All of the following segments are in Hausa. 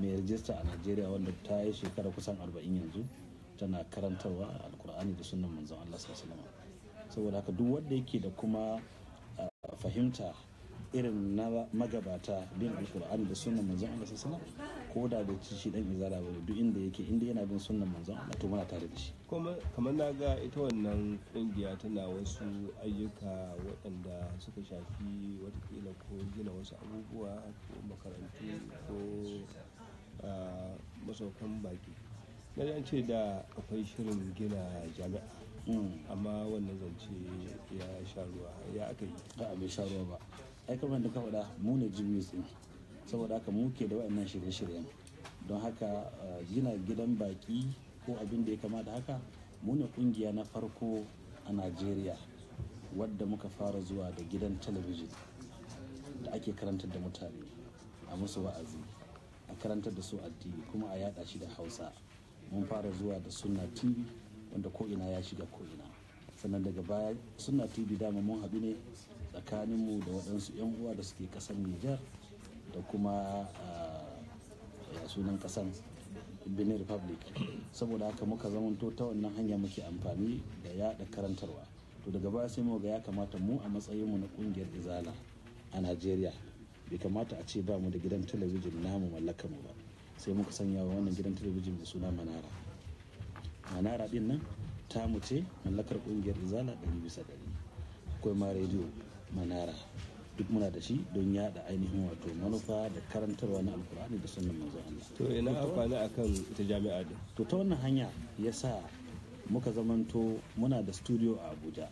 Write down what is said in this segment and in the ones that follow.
mai rajista a najeriya wanda ta yi shekara kusan 40 yanzu tana karantarwa alkur'ani da sunan manzon allah saboda haka duk wanda yake da kuma ah, fahimta irin na magabata bin alkur'ani da sunan manzon allah sallallahu ko da da shi dan izara ba duk inda yake inda yana bin sunan manzon Allah to muna tare da shi kuma kamar na ga ita wannan kungiya tana wasu ayyuka waɗanda suka shafi watakila ko gina wasu abubuwa ko makarantu ko masaukan baki na ce da akwai shirin gina jami'a amma wannan zance ya sha ruwa ya aka yi a bai sha ruwa ba ai kamar da ka faɗa mu ne jimis saboda haka mu ke da waɗannan shirye-shiryen don haka gina gidan baki ko abin da ya kama da haka mu ƙungiya na farko a najeriya wadda muka fara zuwa da gidan talabijin da ake karantar da mutane a musu wa'azi a karantar da su addini kuma a yada shi da hausa mun fara zuwa da sunna tv wanda ko'ina ya shiga ko'ina sannan daga baya sunna tv dama mun haɗu ne tsakaninmu da waɗansu 'yan uwa da suke ƙasar nijar da kuma ah, sunan ƙasar benin republic saboda haka muka zamanto ta wannan hanya muke amfani da yada karantarwa to daga baya sai mu ga ya kamata mu a matsayinmu na ƙungiyar izala a najeriya bai kamata a ce ba mu da gidan talabijin namu mallaka mu ba sai muka sanya wa wannan gidan talabijin da suna manara manara din nan ta mu ce mallakar kungiyar izala ɗari bisa ɗari akwai ma rediyo manara duk muna da shi don yada ainihin wato manufa da karantarwa na alkur'ani da sunan manzo Allah to ina amfani akan ita jami'a din to ta wannan hanya yasa muka zamanto muna da studio a Abuja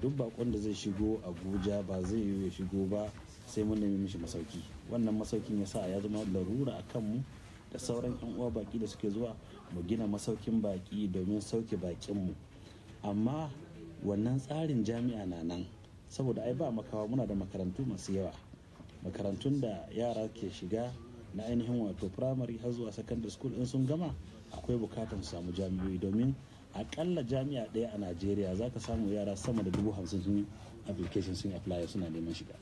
duk bakon da zai shigo Abuja ba zai yi ya shigo ba sai mun nemi mishi masauki wannan masaukin ya sa ya zama larura a kanmu da sauran yan uwa baki da suke zuwa mu gina masaukin baki domin sauke bakinmu amma wannan tsarin jami'a na nan saboda ai ba makawa muna da makarantu masu yawa makarantun da yara ke shiga na ainihin wato primary har zuwa secondary school in sun gama akwai bukatar samu jami'oi domin akalla jami'a ɗaya a najeriya za ka samu yara sama da dubu hamsin sun application sun apply suna neman shiga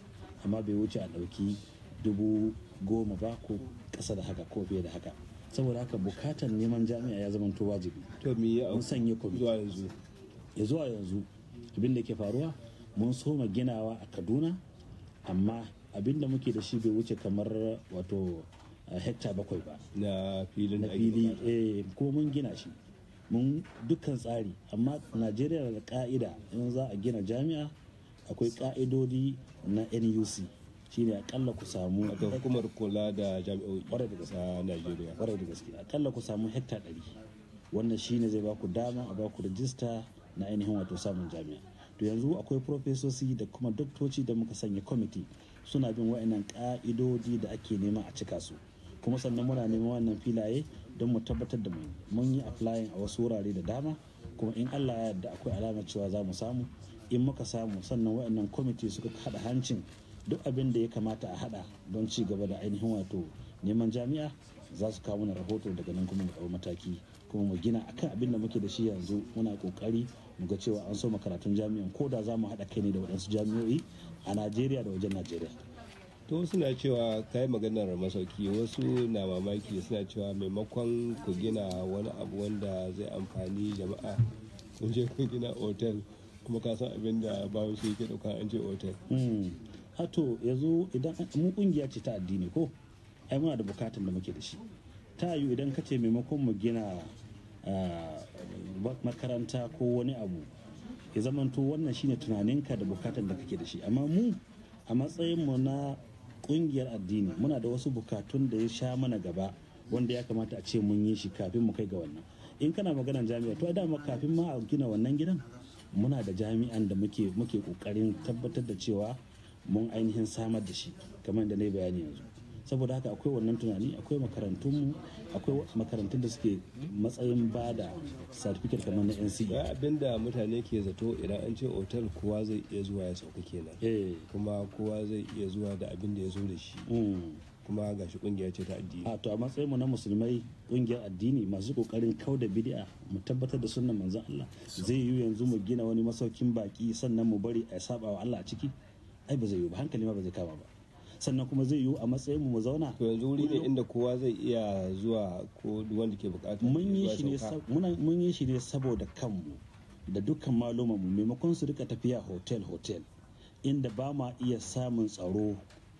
amma bai wuce a ɗauki dubu goma ba ko ƙasa da haka ko fiye da haka saboda haka bukatar neman jami'a ya zama to wajibi to mi ya mun sanya zuwa yanzu ya zuwa yanzu abin da ke faruwa mun soma ginawa a Kaduna amma abin da muke da shi bai wuce kamar wato eh, hekta bakwai ba na filin na fili eh ko mun gina shi mun dukkan tsari amma Najeriya da ka'ida in za a gina jami'a akwai ka'idodi na nuc ne akalla ku samu akwai hukumar kula da jami'o'i a Najeriya kwarai da gaske akalla ku samu hekta ɗari wannan shi ne zai baku dama a baku rajista na ainihin wato samun jami'a to yanzu akwai profesoci da kuma doktoci da muka sanya kwamiti suna bin wa'annan ka'idodi da ake nema a cika su kuma sannan muna neman wannan filaye don mu tabbatar da mun yi applying a wasu wurare da dama kuma in Allah ya yarda akwai alamar cewa za mu samu in muka samu sannan waɗannan kwamiti suka haɗa hancin duk abin da ya kamata a haɗa don ci gaba da ainihin wato neman jami'a za su kawo mana rahoto daga nan kuma mu ɗau mataki kuma mu gina akan abin da muke da shi yanzu muna kokari mu ga cewa an so makaratun jami'an ko da za mu haɗa kai ne da waɗansu jami'o'i a najeriya da wajen najeriya to suna cewa kai maganar masauki wasu na mamaki suna cewa maimakon ku gina wani abu wanda zai amfani jama'a kun je ku gina otal. kuma ka san abin da babu shi yake dauka an je otel hmm. hato yanzu idan mu kungiya ce ta addini ko ai muna da bukatun da muke da shi ta yiwu idan ka ce maimakon mu gina ah, makaranta ko wani abu ya zamanto wannan shine tunaninka da bukatun da kake da shi amma mu a matsayin mu na kungiyar addini muna da wasu bukatun da ya sha mana gaba wanda ya kamata a ce mun yi shi kafin mu kai ga wannan in kana maganan jami'a to dama kafin ma a gina wannan gidan muna da jami'an da muke muke kokarin tabbatar da cewa mun ainihin samar da shi kamar da na bayani yanzu saboda haka akwai wannan tunani akwai makarantunmu akwai makarantun da suke matsayin bada da certificate kamar na nce ba abin da mutane ke zato idan an ce otal kowa zai iya zuwa ya sauka kenan eh. kuma kowa zai iya zuwa da abin da ya zo da shi mm. kuma ga shi kungiya ce ta addini a to a matsayin mu na musulmai kungiyar addini masu kokarin kauda bid'a mu tabbatar da sunnan manzon Allah zai yi yanzu mu gina wani masaukin baki sannan mu bari a saba wa Allah a ciki ai ba zai yi ba hankali ma ba zai kama ba sannan kuma zai yi a matsayin mu mu zauna to yanzu wuri ne inda kowa zai iya zuwa ko wanda ke bukata mun yi shi ne mun yi shi ne saboda kanmu da dukkan malumanmu maimakon su rika tafiya hotel hotel inda ba ma iya samun tsaro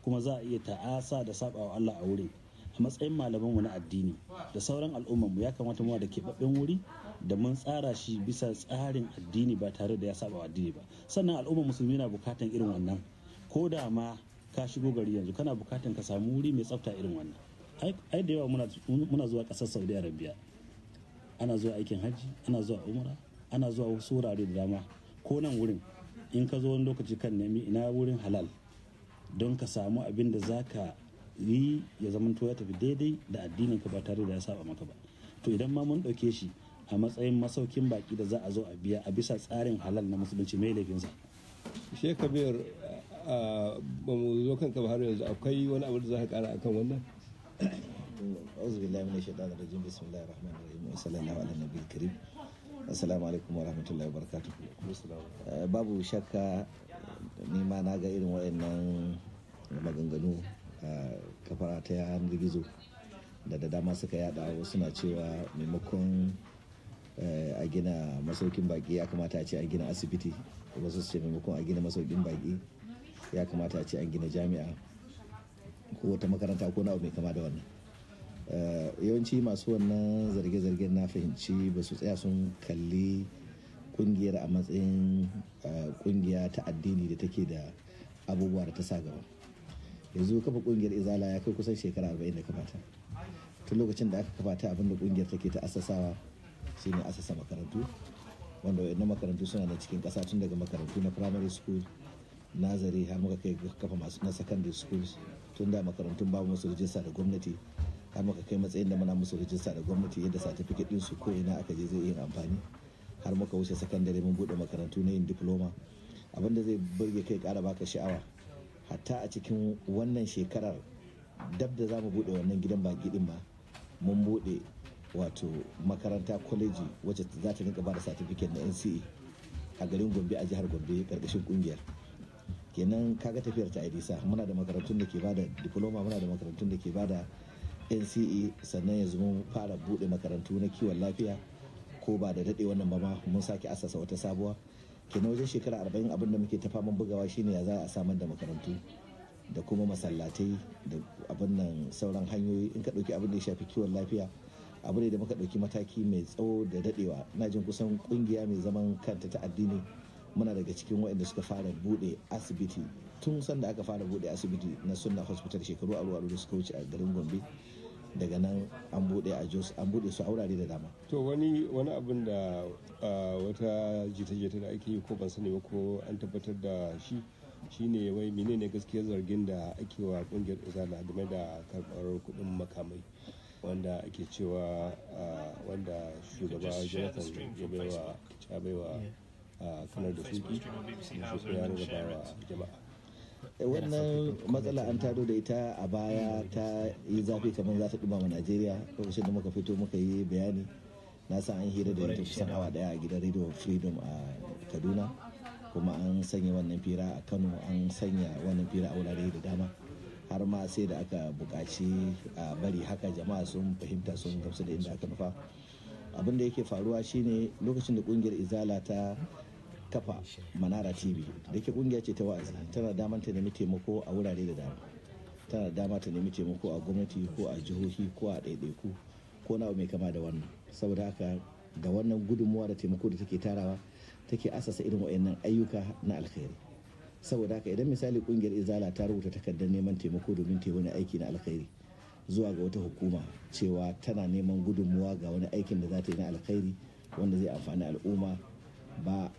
kuma za a iya ta'asa da sabawa Allah a wuri a matsayin malamanmu na addini da sauran al'ummar mu ya kamata mu da keɓaɓɓen wuri da mun tsara shi bisa tsarin addini ba tare da ya saba addini ba sannan al'ummar musulmi na bukatan irin wannan ko da ma ka shigo gari yanzu kana bukatan ka samu wuri mai tsafta irin wannan ai da yawa muna zuwa ƙasar saudi arabia ana zuwa aikin hajji ana zuwa umra ana zuwa wasu wurare da dama ko nan wurin in ka zo wani lokaci kan nemi ina wurin halal don ka samu abin da za ka yi ya zamanto ya tafi daidai da addinin ka ba tare da ya saba maka ba to idan ma mun ɗauke shi a matsayin masaukin baki da za a zo a biya a bisa tsarin halal na musulunci mai laifinsa shekabiyar ba mu zo kan ba har yanzu akwai wani abu da za ka kara akan wannan أعوذ بالله من الشيطان الرجيم بسم الله الرحمن الرحيم وصلى الله على النبي الكريم السلام alaikum wa rahmatullahi wa eh, babu shakka ni ma na ga irin waɗannan maganganu a kafara ta yanar gizo da da dama suka yada wasu na cewa maimakon eh, a gina masaukin baki ya kamata a ce a gina asibiti wasu su ce maimakon a gina masaukin baki ya kamata a ce an gina jami'a ko wata makaranta ko na mai kama da wannan eh, yawanci masu wannan zarge-zargen na fahimci ba su tsaya sun kalli kungiyar a matsayin eh, kungiya ta addini da take da abubuwa da ta sa gaba yanzu kafa kungiyar izala ya kai kusan shekara 40 da kafata tun lokacin da aka kafata abinda kungiyar take ta asasawa shine asasa makarantu wanda wayannan makarantu suna da cikin kasa tun daga makarantu na primary school nazari har muka kai kafa masu na secondary schools tun da makarantun babu masu rijista da gwamnati har muka kai matsayin da muna musu rijista da gwamnati yadda satifiket ɗinsu su ko ina aka je zai yi amfani har muka wuce sakandare mun bude makarantu na yin diploma abinda zai burge kai kara baka sha'awa hatta a cikin wannan shekarar dab da za mu bude wannan gidan baki din ba mun bude wato makaranta kwaleji wacce za ta rinka bada satifiket na nce a garin gombe a jihar gombe karkashin kungiyar kenan kaga tafiyar ta idisa muna da makarantun da ke bada diploma muna da makarantun da ke bada nce sannan yanzu mun fara bude makarantu na kiwon lafiya ko ba da daɗe wannan ba ma mun sake asasa wata sabuwa kenan wajen shekara arba'in abin da muke ta faman bugawa shine ya za a samar da makarantu da kuma masallatai da abin nan sauran hanyoyi in ka ɗauki abin da ya shafi kiwon lafiya abu ne da muka ɗauki mataki mai tsawo da daɗewa na jin kusan ƙungiya mai zaman kanta ta addini muna daga cikin waɗanda suka fara buɗe asibiti tun sanda aka fara buɗe asibiti na sunna hospital shekaru a ruwa da suka wuce a garin gombe daga nan an bude a jos an bude su a wurare da dama to wani wani abin da wata jita-jita da ake yi ko ban sani ba ko an tabbatar da shi shine wai menene gaskiyar zargin da ake wa kungiyar izala game da karɓar kudin makamai wanda ake cewa wanda shugaba jonathan ya baiwa kanar da suki ya da wa jama'a Eh, wannan matsala an taro da ita a baya ta yi zafi kamar za ta ma najeriya lokacin da muka fito muka yi bayani na sa an hira da ita kusan awa daya a gidan radio freedom a kaduna kuma an sanya wannan fira a kano an sanya wannan fira a wurare da dama har ma sai da aka bukaci a bari haka jama'a sun fahimta sun gamsu da inda aka nufa abin da yake faruwa shine lokacin da kungiyar izala ta kafa manara tv da ke kungiya ce ta wa'azi tana damar ta nemi taimako a wurare da dama tana dama ta nemi taimako a gwamnati ko a jihohi ko a ɗaiɗaiku ko na mai kama da wannan saboda haka ga wannan gudunmuwa da taimako da take tarawa take asasa irin wa'annan ayyuka na alkhairi saboda haka idan misali kungiyar izala ta rubuta takardar neman taimako domin ta wani aiki na alkhairi zuwa ga wata hukuma cewa tana neman gudunmuwa ga wani aikin da za ta yi na alkhairi wanda zai amfani al'umma ba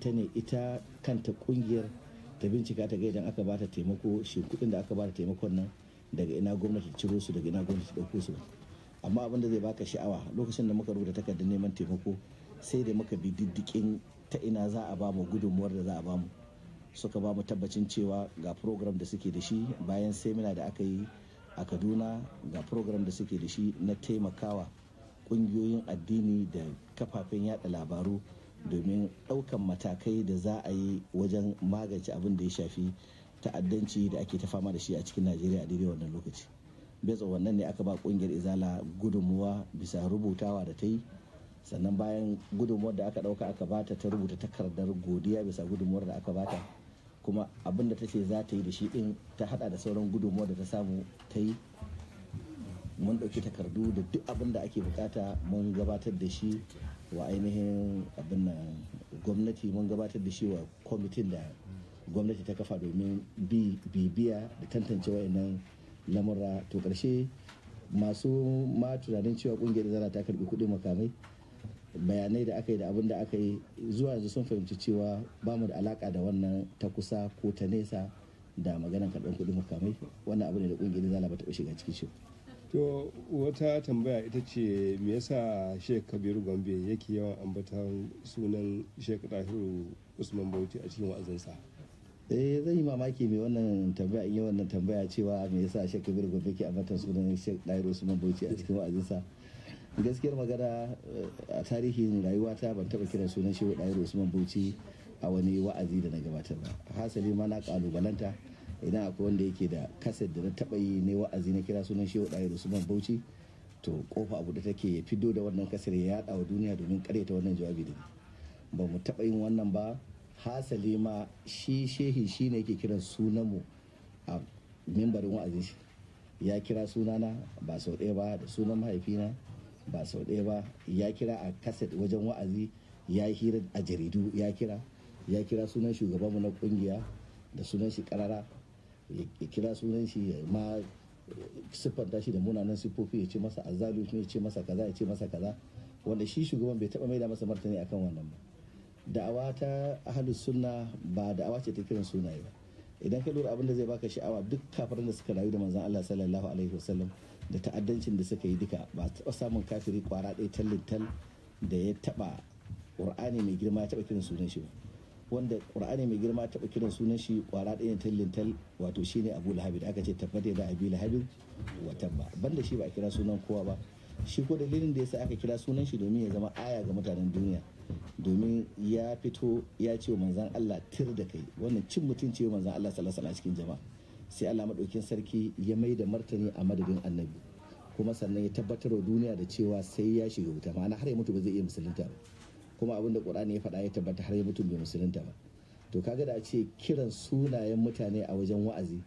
ta ne ita kanta ƙungiyar ta bincika ta ga aka aka bata taimako shi da aka bata taimakon nan daga ina gwamnati ciro su daga ina gwamnati ɗauko su amma abin da zai baka sha'awa lokacin da muka rubuta takardar neman taimako sai da muka bi diddikin ta ina za a bamu gudunmuwar da za a bamu suka ba mu tabbacin cewa ga program da suke da shi bayan semina da aka yi a kaduna ga program da suke da shi na taimakawa ƙungiyoyin addini da kafafen yada labaru domin ɗaukan matakai da za a yi wajen magance abin da ya shafi ta'addanci da ake ta fama da shi a cikin najeriya a daidai wannan lokaci bisa wannan ne aka ba kungiyar izala gudunmuwa bisa rubutawa da ta yi sannan bayan gudunmuwar da aka ɗauka aka bata ta rubuta takardar godiya bisa gudunmuwar da aka bata kuma abin da ta ce za ta yi da shi ɗin ta hada da sauran gudunmuwar da ta samu ta yi mun ɗauki takardu da duk abin da ake bukata mun gabatar da shi wa ainihin abin nan gwamnati mun gabatar da shi wa kwamitin da gwamnati ta kafa domin bibiya da tantance wayannan lamura to karshe masu ma tunanin cewa kungiyar zara ta karbi kuɗin makamai bayanai da aka yi da abin da aka yi zuwa yanzu sun fahimci cewa ba mu da alaka da wannan ta kusa ko ta nesa da maganar karɓar kuɗin makamai wannan abu ne da kungiyar zara ba ta shiga cikin shi to wata tambaya ita ce me yasa sheik kabiru gombe yake yawan ambatan sunan sheik tahiru usman bauchi a cikin wa'azinsa eh zan yi mamaki mai wannan tambaya in yi wannan tambaya cewa me yasa sheik Kabir gombe ke ambatan sunan sheik tahiru Usman Bauchi a cikin wa'azinsa gaskiyar magana eh, a tarihin rayuwata ban taba kiran sunan sheik tahiru Usman Bauchi a wani wa'azi da na gabatar ba hasali ma na kalubalanta idan akwai wanda yake da kaset da na taba yi ne wa'azi na kira sunan shehu ɗaya usman bauchi to kofa abu da take ya fido da wannan kasar ya yaɗa wa duniya domin karyata wannan jawabi da ba mu taɓa yin wannan ba hasali ma shi shehi shi ne yake kiran mu a mimbarin wa'azi ya kira sunana ba sau ɗaya ba da sunan mahaifina ba sau ɗaya ba ya kira a kaset wajen wa'azi ya hira a jaridu ya kira ya kira sunan shugabanmu na kungiya da sunan shi karara ya kira sunan shi ya ma eh, siffanta shi da munanan siffofi ya ce masa azalu ya ce masa kaza ya ce masa kaza wanda shi shugaban bai taba maida masa martani akan wannan ba da'awa ta ahalus sunna ba da'awa ce ta kiran sunaye ba idan ka lura abin da zai baka sha'awa duk kafirin da suka rayu da manzon Allah sallallahu alaihi wasallam da ta'addancin da suka yi duka ba taba samun kafiri kwara ɗaya tallin tal da ya taba qur'ani mai girma ya taba kiran sunan shi ba wanda qur'ani mai girma taɓa kiran sunan shi kwara ɗaya tallintal wato shi ne abu da aka ce tabbata da abu lahabin wa tabba banda shi ba a kira sunan kowa ba shi ko dalilin da ya yasa aka kira sunan shi domin ya zama aya ga mutanen duniya domin ya fito ya ce wa manzan Allah tir da kai wannan cin mutum ce wa manzan Allah sallallahu cikin jama'a sai Allah maɗaukin sarki ya mai da martani a madadin annabi kuma sannan ya tabbatar wa duniya da cewa sai ya shiga wuta ma'ana har ya mutu ba zai iya musulunta ba kuma abin da qur'ani ya faɗa ya tabbata har ya mutum bai musulunta ba to kaga da a ce kiran sunayen mutane a wajen wa'azi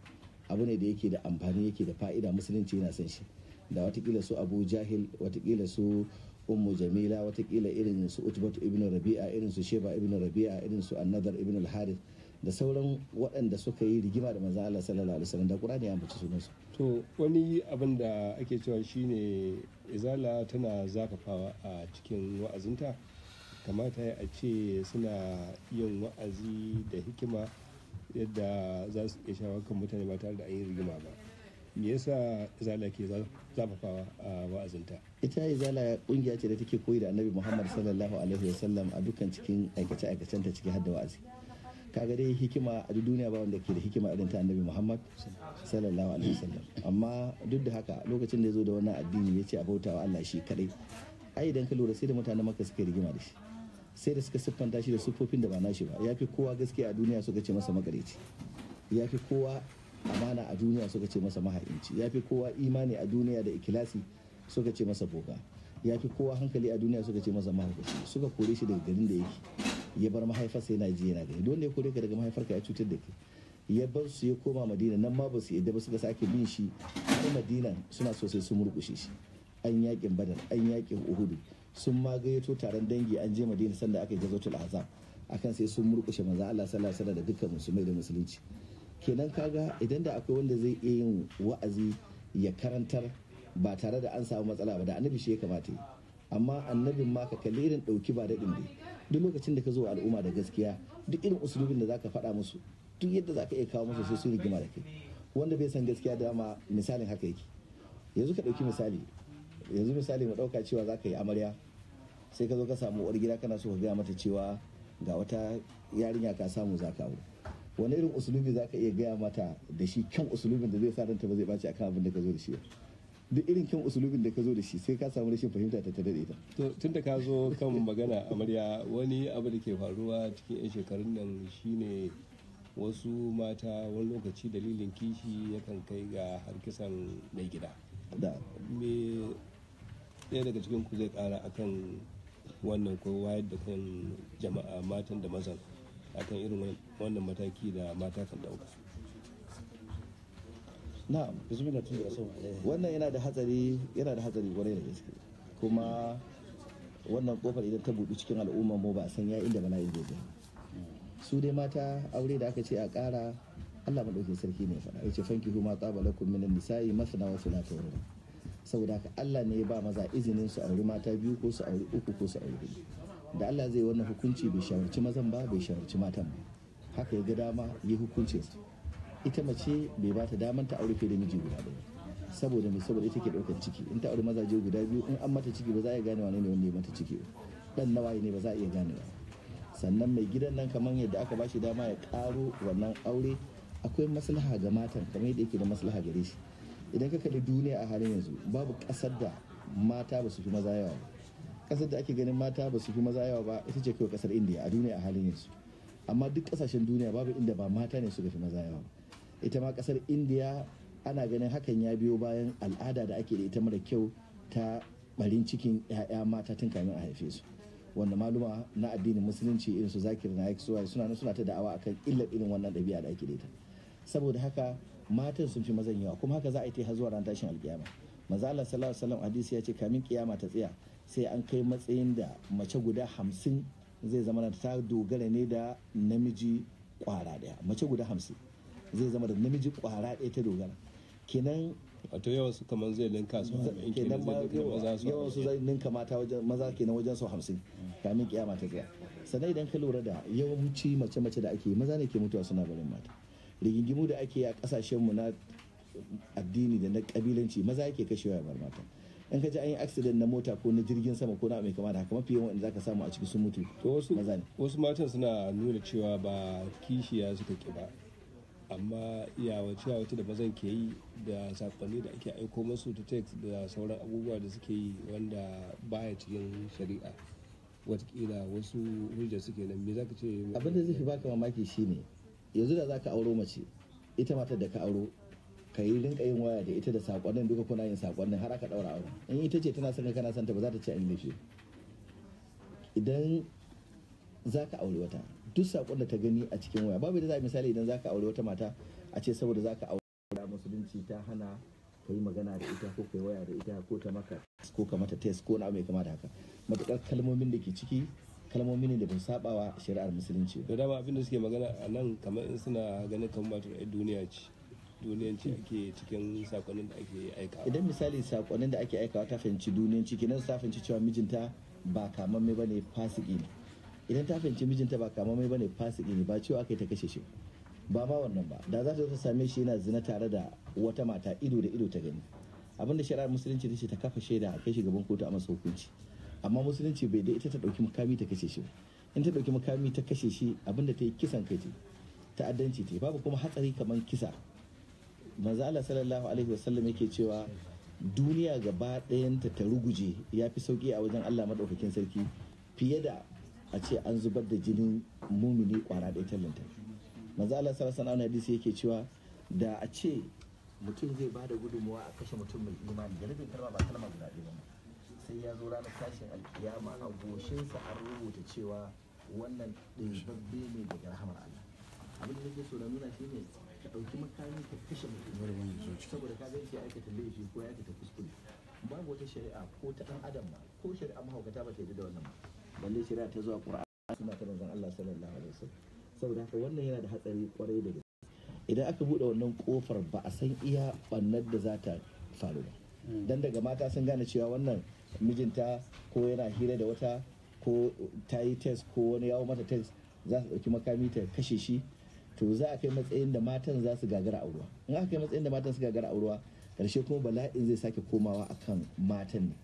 abu ne da yake da amfani yake da fa'ida musulunci yana son shi da watakila su abu jahil watakila su ummu jamila watakila irin su utbatu ibn rabi'a irin su sheba ibn rabi'a irin su annadar ibn al da sauran waɗanda suka yi rigima da manzo Allah sallallahu alaihi wasallam da Qur'ani ya ambaci sunansu to wani abin da ake cewa shine izala tana zakafawa a cikin wa'azinta kamata ya a ce suna yin wa'azi da hikima yadda za su iya shawar kan mutane ba tare da an yi rigima ba me yasa izala ke zafafawa a wa'azinta ita izala kungiya ce da take koyi da annabi muhammad sallallahu alaihi wasallam a dukkan cikin aikace aikacen ta ciki hadda wa'azi kaga dai hikima a duniya ba wanda ke da hikima irin ta annabi muhammad sallallahu alaihi wasallam amma duk da haka lokacin da ya zo da wannan addini ya ce a bautawa allah shi kadai ai idan ka lura sai da mutanen maka suka rigima da shi sai da suka siffanta shi da siffofin da ba nashi ba ya fi kowa gaskiya a duniya suka ce masa magareci ya fi kowa amana a duniya suka ce masa maha'inci ya fi kowa imani a duniya da ikilasi suka ce masa boga ya fi kowa hankali a duniya suka ce masa mahaukaci suka kore shi daga garin da yake ya bar mahaifarsa yana ji yana gani dole ya kore ka daga mahaifarka ya cutar da ke ya bar su ya koma madina nan ma ba su yadda ba suka sake bin shi har madina suna sosai sun murkushe shi an yaƙin badar an yaƙin uhudu sun ma gayyato taron dangi an je madina sanda aka yi a azam akan sai sun murkushe manzo Allah sallallahu alaihi da dukkan musulmai da musulunci kenan kaga idan da akwai wanda zai iya yin wa'azi ya karantar ba tare da an samu matsala ba da annabi shi ya kamata yi amma annabin ma ka kalli irin dauki ba daɗin dai duk lokacin da ka zo al'umma da gaskiya duk irin usulubin da zaka faɗa musu duk yadda zaka iya kawo musu sai su rigima da kai wanda bai san gaskiya dama misalin haka yake yanzu ka ɗauki misali yanzu misali mu dauka cewa za ka yi amarya sai ka zo ka samu uwar gida kana so ka gaya mata cewa ga wata yarinya ka samu za ka wani irin usulubi za ka iya gaya mata da shi kyan usulubin da zai sa ranta ba zai ɓaci akan abin da ka zo da shi duk irin kyan usulubin da ka zo da shi sai ka samu rashin fahimta ta daɗe ta. tun da ka zo kan magana amarya wani abu da ke faruwa cikin 'yan shekarun nan shine wasu mata wani lokaci dalilin kishi yakan kai ga harkisan mai gida. me ɗaya daga cikin ku zai ƙara akan wannan ko wayar da kan jama'a matan da mazan akan irin wannan mataki da mata kan ɗauka. na bismillah tun da wannan yana da hatsari yana da hatsari gwarai da gaske kuma wannan kofar idan ta buɗe cikin al'umma mu ba a san ya inda bala'in zai je su dai mata aure da aka ce a ƙara Allah madaukin sarki ne faɗa yace fanki huma tsaba lakum minan nisa'i masna wa thulatha wa saboda haka Allah ne ya ba maza izinin su auri mata biyu ko su auri uku ko su auri hudu da Allah zai wannan hukunci bai shawarci mazan ba bai shawarci matan ba haka ya ga dama yi hukunci su ita mace bai ba ta daman ta aure fiye da miji guda ɗaya saboda mai saboda ita ke ɗaukar ciki in ta maza mazaje guda biyu in an mata ciki ba za a iya gane wane ne wanda ya mata ciki dan nawaye ne ba za a iya gane ba sannan mai gidan nan kamar yadda aka bashi dama ya ƙaro wannan aure akwai maslaha ga matan kamar yadda yake da maslaha gare shi idan ka kalli duniya a halin yanzu babu ƙasar da mata ba su fi maza yawa ba ƙasar da ake ganin mata ba su fi maza yawa ba ita ce kawai kasar indiya a duniya a halin yanzu amma duk kasashen duniya babu inda ba mata ne suka fi maza yawa ba ita ma kasar indiya ana ganin hakan ya biyo bayan al'ada da ake da ita mara kyau ta barin cikin 'ya'ya mata tun kamin a haife su wanda maluma na addinin musulunci irin su zakir na suna suna ta da'awa akan illar irin wannan ɗabi'a da ake da ita saboda haka matan sun fi mazan yawa kuma haka za a yi ta zuwa ran tashin alkiyama manzo Allah sallallahu alaihi wasallam hadisi ya ce kamin kiyama ta tsaya sai an kai matsayin da mace guda hamsin zai zama da ta dogara ne da namiji kwara daya mace guda hamsin zai zama da namiji kwara daya ta dogara kenan wato yawa su kamar zai linka su kenan yawa su zai ninka mata wajen maza kenan wajen su hamsin kamin kiyama ta tsaya sannan idan ka lura da yawanci mace mace da ake maza ne ke mutuwa suna barin mata rigingimu da ake a kasashenmu na addini da na kabilanci maza yake kashewa ya bar mata in ka ji an yi accident na mota ko na jirgin sama ko na mai kama da haka mafi yawan ka samu a ciki sun mutu wasu wasu matan suna nuna cewa ba kishiya suka ki ba amma iyawa cewa wata da bazan ke yi da sakonni da ake aiko masu ta text da sauran abubuwa da suke yi wanda baya cikin shari'a watakila wasu hujja suke nan me zaka ce abin da zai fi baka mamaki shine yanzu da za ka auro mace ita matar da ka auro ka yi rinka yin waya da ita da sakonnin duka kuna yin sakonnin har aka daura aure in ita ce tana son kana santa ba za ta ce an nufi idan za ka aure wata duk sakon da ta gani a cikin waya babu da za misali idan za ka aure wata mata a ce saboda za ka aure musulunci ta hana ka yi magana da ita ko ka yi waya da ita ko ta maka ko ka mata test ko na mai kama da haka matukar kalmomin da ke ciki kalmomi ne da saba wa shari'ar musulunci da dama abin da suke magana a nan kamar in suna ganin kamar ba ta duniya ce duniyanci ake cikin sakonin da ake aikawa idan misali sakonin da ake aikawa ta fahimci duniyanci kenan ta fahimci cewa mijinta ba kamamme ba ne fasiki ne idan ta fahimci mijinta ba kamamme ba ne fasiki ne ba cewa aka yi ta kashe shi ba ma wannan ba da za ta zo ta same shi yana zina tare da wata mata ido da ido ta gani abinda shari'ar musulunci ta ce ta kafa shaida a kai shi gaban kotu a masa hukunci amma musulunci bai da ita ta ɗauki makami ta kashe shi ba in ta ɗauki makami ta kashe shi abinda ta yi kisan kai ce ta'addanci ce babu kuma hatsari kamar kisa manzo Allah sallallahu alaihi wasallam yake cewa duniya gaba ɗayanta ta ruguje ya fi sauki a wajen Allah maɗaukakin sarki fiye da a ce an zubar da jinin mumini kwara ɗaya tallanta manzo Allah sallallahu alaihi wasallam hadisi yake cewa da a ce mutum zai bada gudunmuwa a kashe mutum mai imani da rabin karma ba kalama guda ɗaya ba sai ya zo ranar tashin alkiyama a goshinsa an rubuta cewa wannan ɗaibabbe ne daga rahamar Allah abin da nake so na nuna shi ne ka ɗauki makami ka kashe mutum saboda ka zai aikata laifi ko ya aikata kuskure babu wata shari'a ko ta ɗan adam ma ko shari'a mahaukata ba ta yi da wannan ba balle shari'a ta zuwa ƙura'a suna ta manzon Allah sallallahu alaihi wasallam saboda haka wannan yana da hatsari kwarai da gaske idan aka buɗe wannan kofar ba a san iya ɓannar da za ta faru ba hmm. dan daga mata sun gane cewa wannan mijinta ko yana hira da wata ko ta yi test ko wani yawo mata test za su ɗauki makami ta kashe shi to za a kai matsayin da matan za su gagara aurewa in aka kai matsayin da matan su gagara aurewa karshe kuma bala'in zai sake komawa akan matan ne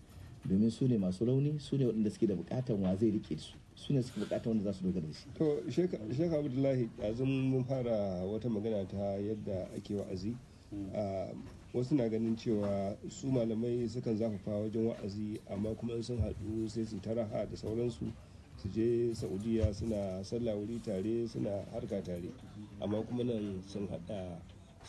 domin su ne masu rauni su ne waɗanda suke da bukatan wa zai rike su su ne suke buƙatan wanda za su dogara da shi. to shekaru abdullahi yanzu mun fara wata magana ta yadda ake wa'azi hmm. ah, wasu na ganin cewa su malamai sukan zafafa wajen wa'azi amma kuma sun haɗu sai su taraha da sauransu su je saudiya suna sallah wuri tare suna harka tare amma kuma nan sun haɗa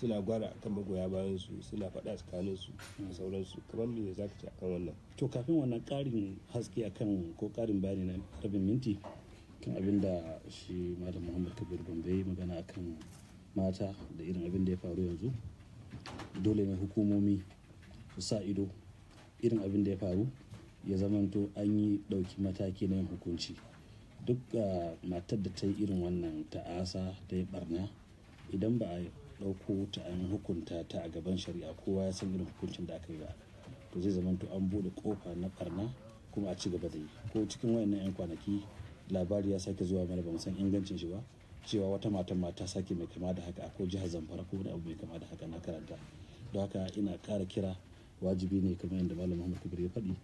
suna gwara kan magoya bayan su suna faɗa tsakanin su da sauransu kamar me za ka ce akan wannan to kafin wannan ƙarin haske akan ko ƙarin bayani na rabin minti kan abin da shi malam muhammad kabir gombe magana akan mata da irin abin da ya faru yanzu dole ne hukumomi su sa ido irin abin da ya faru ya zamanto an yi ɗauki mataki na yin hukunci duk ah, matar da ta yi irin wannan ta'asa ta yi barna idan ba a ɗauko ta an hukunta ta a gaban shari'a kowa ya san irin hukuncin da aka yi ba to zai zamanto an buɗe ƙofa na barna kuma a ci gaba da yi ko cikin wayannan 'yan kwanaki labari ya sake zuwa mana ba san ingancin shi ba cewa wata matan mata sake mai kama da haka ko jihar zamfara ko wani abu mai kama da haka na karanta don haka ina kara kira wajibi ne kamar yadda malam muhammad kabir ya faɗi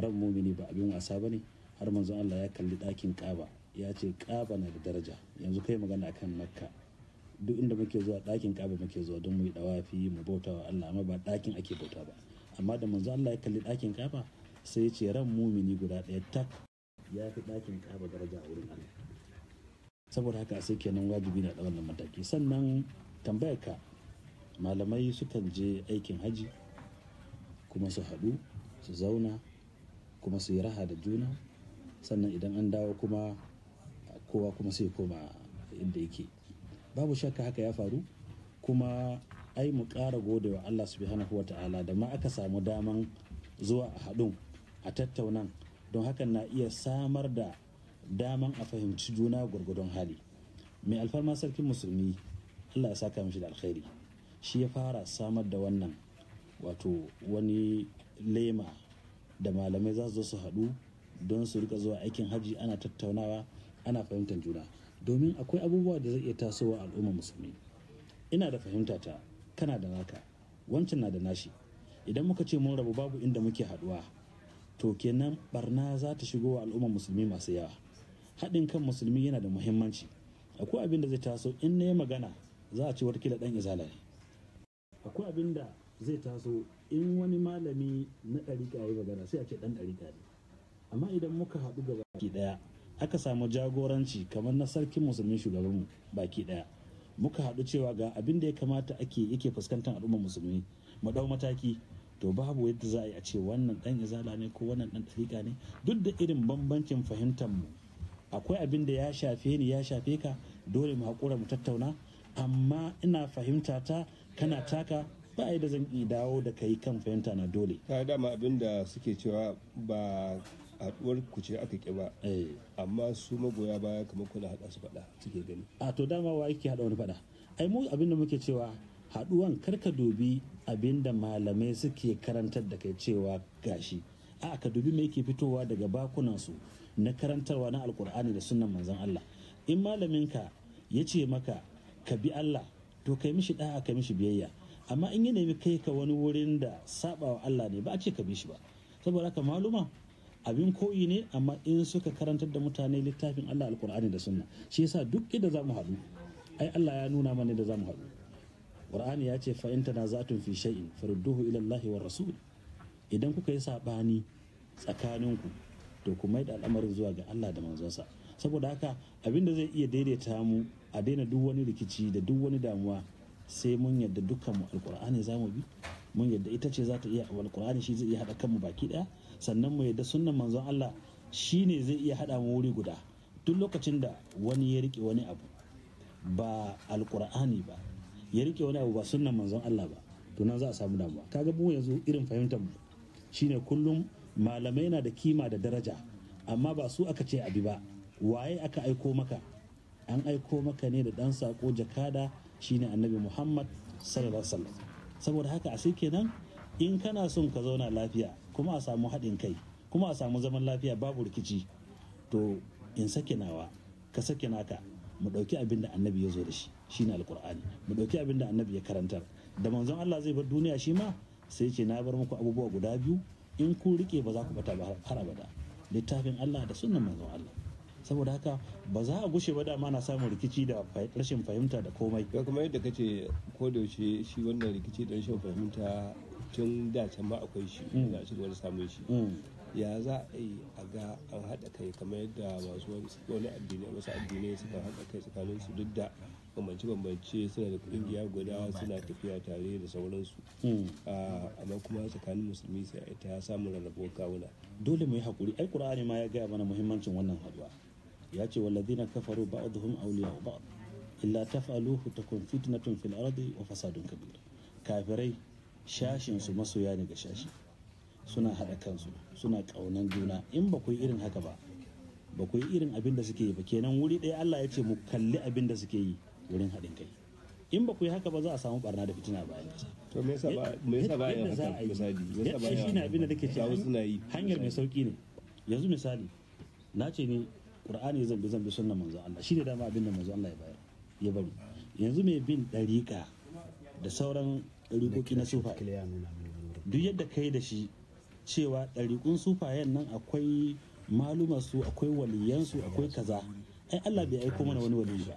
ran mumini ba abin wasa ba ne har manzon allah ya kalli ɗakin ƙaba ya ce ƙaba na da daraja yanzu kai magana akan makka duk inda muke zuwa ɗakin ƙaba muke zuwa don mu yi ɗawafi mu bauta wa allah amma ba ɗakin ake bauta ba amma da manzon allah ya kalli ɗakin ƙaba sai ya ce ran mumini guda ɗaya tak ya fi ɗakin ƙaba daraja a wurin allah saboda haka sai kenan wajibi na ɗaukar mataki sannan tambayar ka malamai sukan je aikin haji kuma su haɗu su zauna kuma su yi raha da juna sannan idan an dawo kuma kowa kuma sai koma inda yake babu shakka haka ya faru kuma ai mu ƙara gode wa Allah subhanahu wa ta'ala da ma aka samu daman zuwa a haɗun a tattaunan don hakan na iya samar da daman a fahimci juna gwargwadon hali mai alfarma sarkin musulmi allah ya saka mishi da alkhairi shi ya fara samar da wannan wato wani lema da malamai za su zo su haɗu don su rika zuwa aikin hajji ana tattaunawa ana fahimtar juna domin akwai abubuwa da zai iya tasowa al'umma musulmi ina da fahimta ta kana da naka wancan na da nashi idan muka ce mun rabu babu inda muke haɗuwa to kenan barna za ta shigo wa al'umma musulmi masu yawa haɗin kan musulmi yana da muhimmanci akwai abin da zai taso in na yi magana za a ci warkila ɗan izala ne akwai abin da zai taso in wani malami na ɗariƙa ya magana sai a ce ɗan ɗariƙa ne amma idan muka haɗu ga baki ɗaya aka samu jagoranci kamar na sarkin musulmi shugabanmu baki ɗaya muka haɗu cewa ga abin da ya kamata ake yake fuskantar al'ummar musulmi mu ɗau mataki to babu yadda za a yi a ce wannan ɗan izala ne ko wannan ɗan ɗarika ne duk da irin bambancin fahimtar mu akwai abin da ya shafe ni ya shafe ka dole mu haƙura mu tattauna amma ina fahimta ta kana taka ba a yi da zan dawo da kai kan fahimta na dole ta dama abin da suke cewa ba haɗuwar ku ce aka ƙi ba eh. amma su magoya baya kamar kuna haɗa su faɗa suke gani a to dama wa yake haɗa wani faɗa ai mu abin da muke cewa haɗuwan kar ka dubi abin da malamai suke karantar da kai cewa gashi a ka dubi me ke fitowa daga bakunan su na karantarwa na alkur'ani da sunan manzon Allah in malaminka ya ce maka ka bi Allah to kai mishi da'a kai mishi biyayya amma in ya nemi kai ka wani wurin da sabawa Allah ne ba a ce ka bi shi ba saboda haka maluma abin koyi ne amma in suka karantar da mutane littafin Allah alkur'ani da sunna shi yasa duk inda zamu haɗu ai Allah ya nuna mana da zamu haɗu Qur'ani ya ce fa in tanaza'tum fi shay'in farudduhu ila Allah war rasul idan kuka yi sabani tsakaninku to ku mai da al'amarin zuwa ga Allah da manzonsa saboda haka abin da zai iya daidaita mu a daina duk wani rikici da duk wani damuwa sai mun yadda dukkan mu alkur'ani za mu bi mun yadda ita ce za ta iya alkur'ani shi zai iya haɗa kanmu baki ɗaya sannan mu yadda sunnan manzon Allah shi zai iya haɗa mu wuri guda duk lokacin da wani ya rike wani abu ba alkur'ani ba ya rike wani abu ba sunnan manzon Allah ba to nan za a samu damuwa kaga mu yanzu irin fahimtar mu shine kullum malamai na da kima da daraja amma ba su aka ce abi ba waye aka aiko maka an aiko maka ne da dan sako jakada shine annabi muhammad sallallahu alaihi wasallam saboda haka a sai kenan in kana son ka zauna lafiya kuma a samu haɗin kai kuma a samu zaman lafiya babu rikici to in sake nawa ka sake naka mu ɗauki abin da annabi ya zo da shi shine alkur'ani mu ɗauki abin da annabi ya karantar da manzon Allah zai bar duniya shi ma sai ce na bar muku abubuwa guda biyu in ku rike ba za ku bata ba da, littafin Allah da sunan manzon Allah saboda haka ba za a gushe ba dama na samun rikici da rashin fahimta da komai ya kuma yadda kace ko da yaushe shi wannan rikici da rashin fahimta tun da can ma akwai shi ina shi wani samu samun shi mm. ya za a yi a ga an haɗa kai kamar yadda masu wani addinai masu addinai suka haɗa kai tsakanin su duk da bambance-bambance suna da kungiya guda suna tafiya tare da sauransu hmm. ah, amma kuma tsakanin musulmi sai ta samun rarrabo kawuna dole mu yi hakuri ai qur'ani ma ya gaya mana muhimmancin wannan haduwa ya ce na kafaru ba'dhum awliya'u ba'd illa taf'aluhu takun fitnatun fil ardi wa fasadun kabir kafirai shashin su masoya ne ga shashi suna haɗa kansu suna ƙaunan juna in ba ku irin haka ba ba ku irin abin da suke yi ba kenan wuri ɗaya Allah ya ce mu kalli abin da suke yi wurin haɗin kai in ba ku yi haka ba za a samu barna da fitina ba kasa to me yasa ba me yasa ba ya haka misali yasa ba shi ne abin da take cewa suna yi hanyar mai sauki ne yanzu misali na ce ne qur'ani zan bi zan bi sunnan manzo Allah shine dama abin da manzo Allah ya bayar ya bari yanzu mai bin dariqa da sauran dariƙoƙi na sufa duk yadda kai da shi cewa ɗariƙun sufayen nan akwai malumarsu akwai waliyansu akwai kaza ai Allah bai aiko mana wani wali ba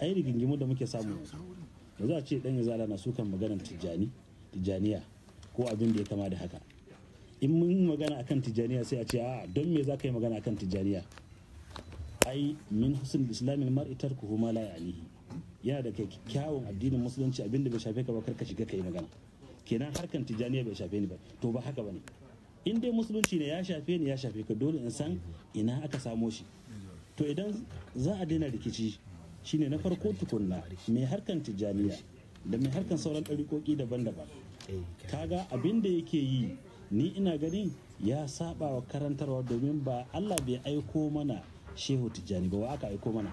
ai rigingimu da muke samu Ba za a ce dan yanzu na sukan maganar tijjani tijjaniya ko abin da ya kama da haka in mun magana akan tijjaniya sai a ce a don me za ka yi magana akan tijjaniya ai min husn islamin mar'i tarkuhu ma la ya'nihi yana da kyakkyawan addinin musulunci abin da bai shafe ka ba karka shiga kai magana kenan harkan tijjaniya bai shafe ni ba to ba haka bane in dai musulunci ne ya shafe ni ya shafe ka dole in san ina aka samo shi to idan za a daina rikici shine na farko tukunna mai harkan tijjaniya da mai harkan sauran ɗarikoki daban-daban eh, kaga abin da yake yi ni ina ganin ya saba wa karantarwa domin ba allah bai aiko mana shehu tijjani ba wa aka aiko mana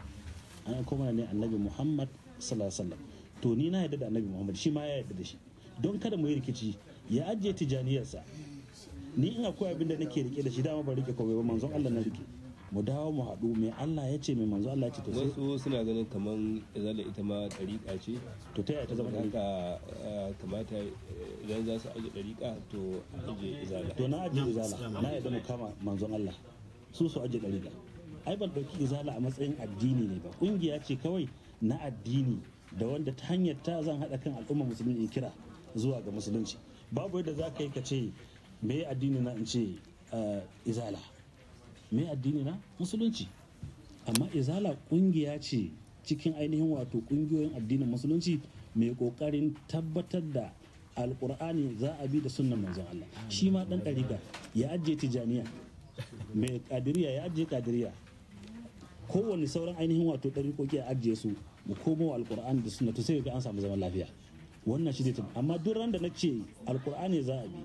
an aiko mana ne annabi muhammad sallallahu to ni na yadda da annabi muhammad shi ma ya yadda da shi don kada mu yi rikici ya ajiye tijjaniyarsa ni ina koya abin da nake rike da shi dama ba rike komai ba manzon allah na rike mu dawo mu haɗu mai Allah ya ce mai manzo Allah ya ce to sai wasu suna ganin kaman izala ita ma ɗariƙa ce to ta yaya ta zama ɗariƙa eh, kamata eh, idan za su aje ɗariƙa to aje izala to na aje izala na yadda mu kama manzon Allah su su aje ɗariƙa ai ban ɗauki izala a matsayin addini ne ba ƙungiya ce kawai na addini da wanda ta hanyar ta zan haɗa kan al'umma musulmi in kira zuwa ga musulunci babu yadda za ka yi ka ce me addini na in ce eh, izala me addini na musulunci amma izala kungiya ce cikin ainihin wato kungiyoyin addinin musulunci mai kokarin tabbatar da alkur'ani za a bi da sunnan manzon Allah shi ma dan dariga ya ajiye tijaniya mai kadiriya ya ajiye kadiriya kowanne sauran ainihin wato dariƙoƙi a ajiye su mu komo alkur'ani da sunna to sai ga an samu zaman lafiya wannan shi zai amma duk ran da na ce alkur'ani za a bi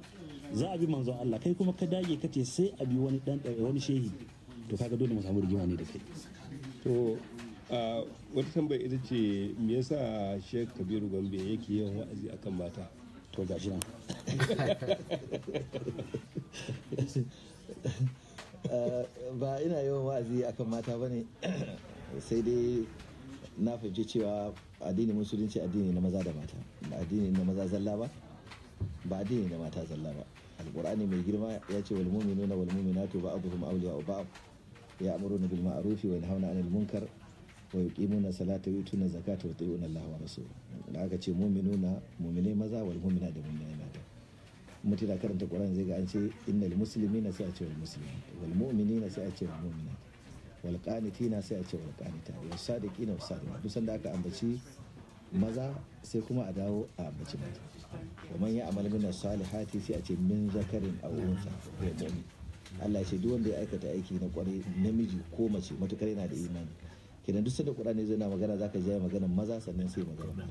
za a bi manzon Allah kai kuma ka dage ka ce sai a bi wani dan wani shehi to kaga dole mu samu rigima ne da kai to wata tambaya ita ce me yasa Sheikh Kabiru Gombe yake yin wa'azi akan mata to gashi nan eh, ba ina yawan wa'azi akan mata bane sai dai na fahimci cewa addinin musulunci addini na maza da mata ba addini na maza zalla ba ba addini na mata zalla ba alqur'ani mai girma ya ce wal mu'minuna wal mu'minatu ba'dhum awliya'u ba'd ya'muruna bil ma'rufi wa yanhauna 'anil munkar wa yuqimuna salata wa yutuna zakata wa yuti'una Allah wa rasulahu da aka ce mu'minuna mu'mine maza wal mu'mina da mu'mina mata mutum da karanta qur'ani zai ga an ce innal muslimina sai a ce wal muslimin wal mu'minina sai a ce wal mu'minat wal qanitina sai a ce wal qanita wa sadiqina wa sadiqat duk sanda aka ambaci maza sai kuma a dawo a ambaci mata ومن يعمل من الصالحات a من ذكر أو أنثى هو مؤمن Allah ce duk wanda ya aikata aiki na kwarai namiji ko mace matukar yana da imani kenan duk sanda kurani zai na magana zaka ji magana maza sannan sai magana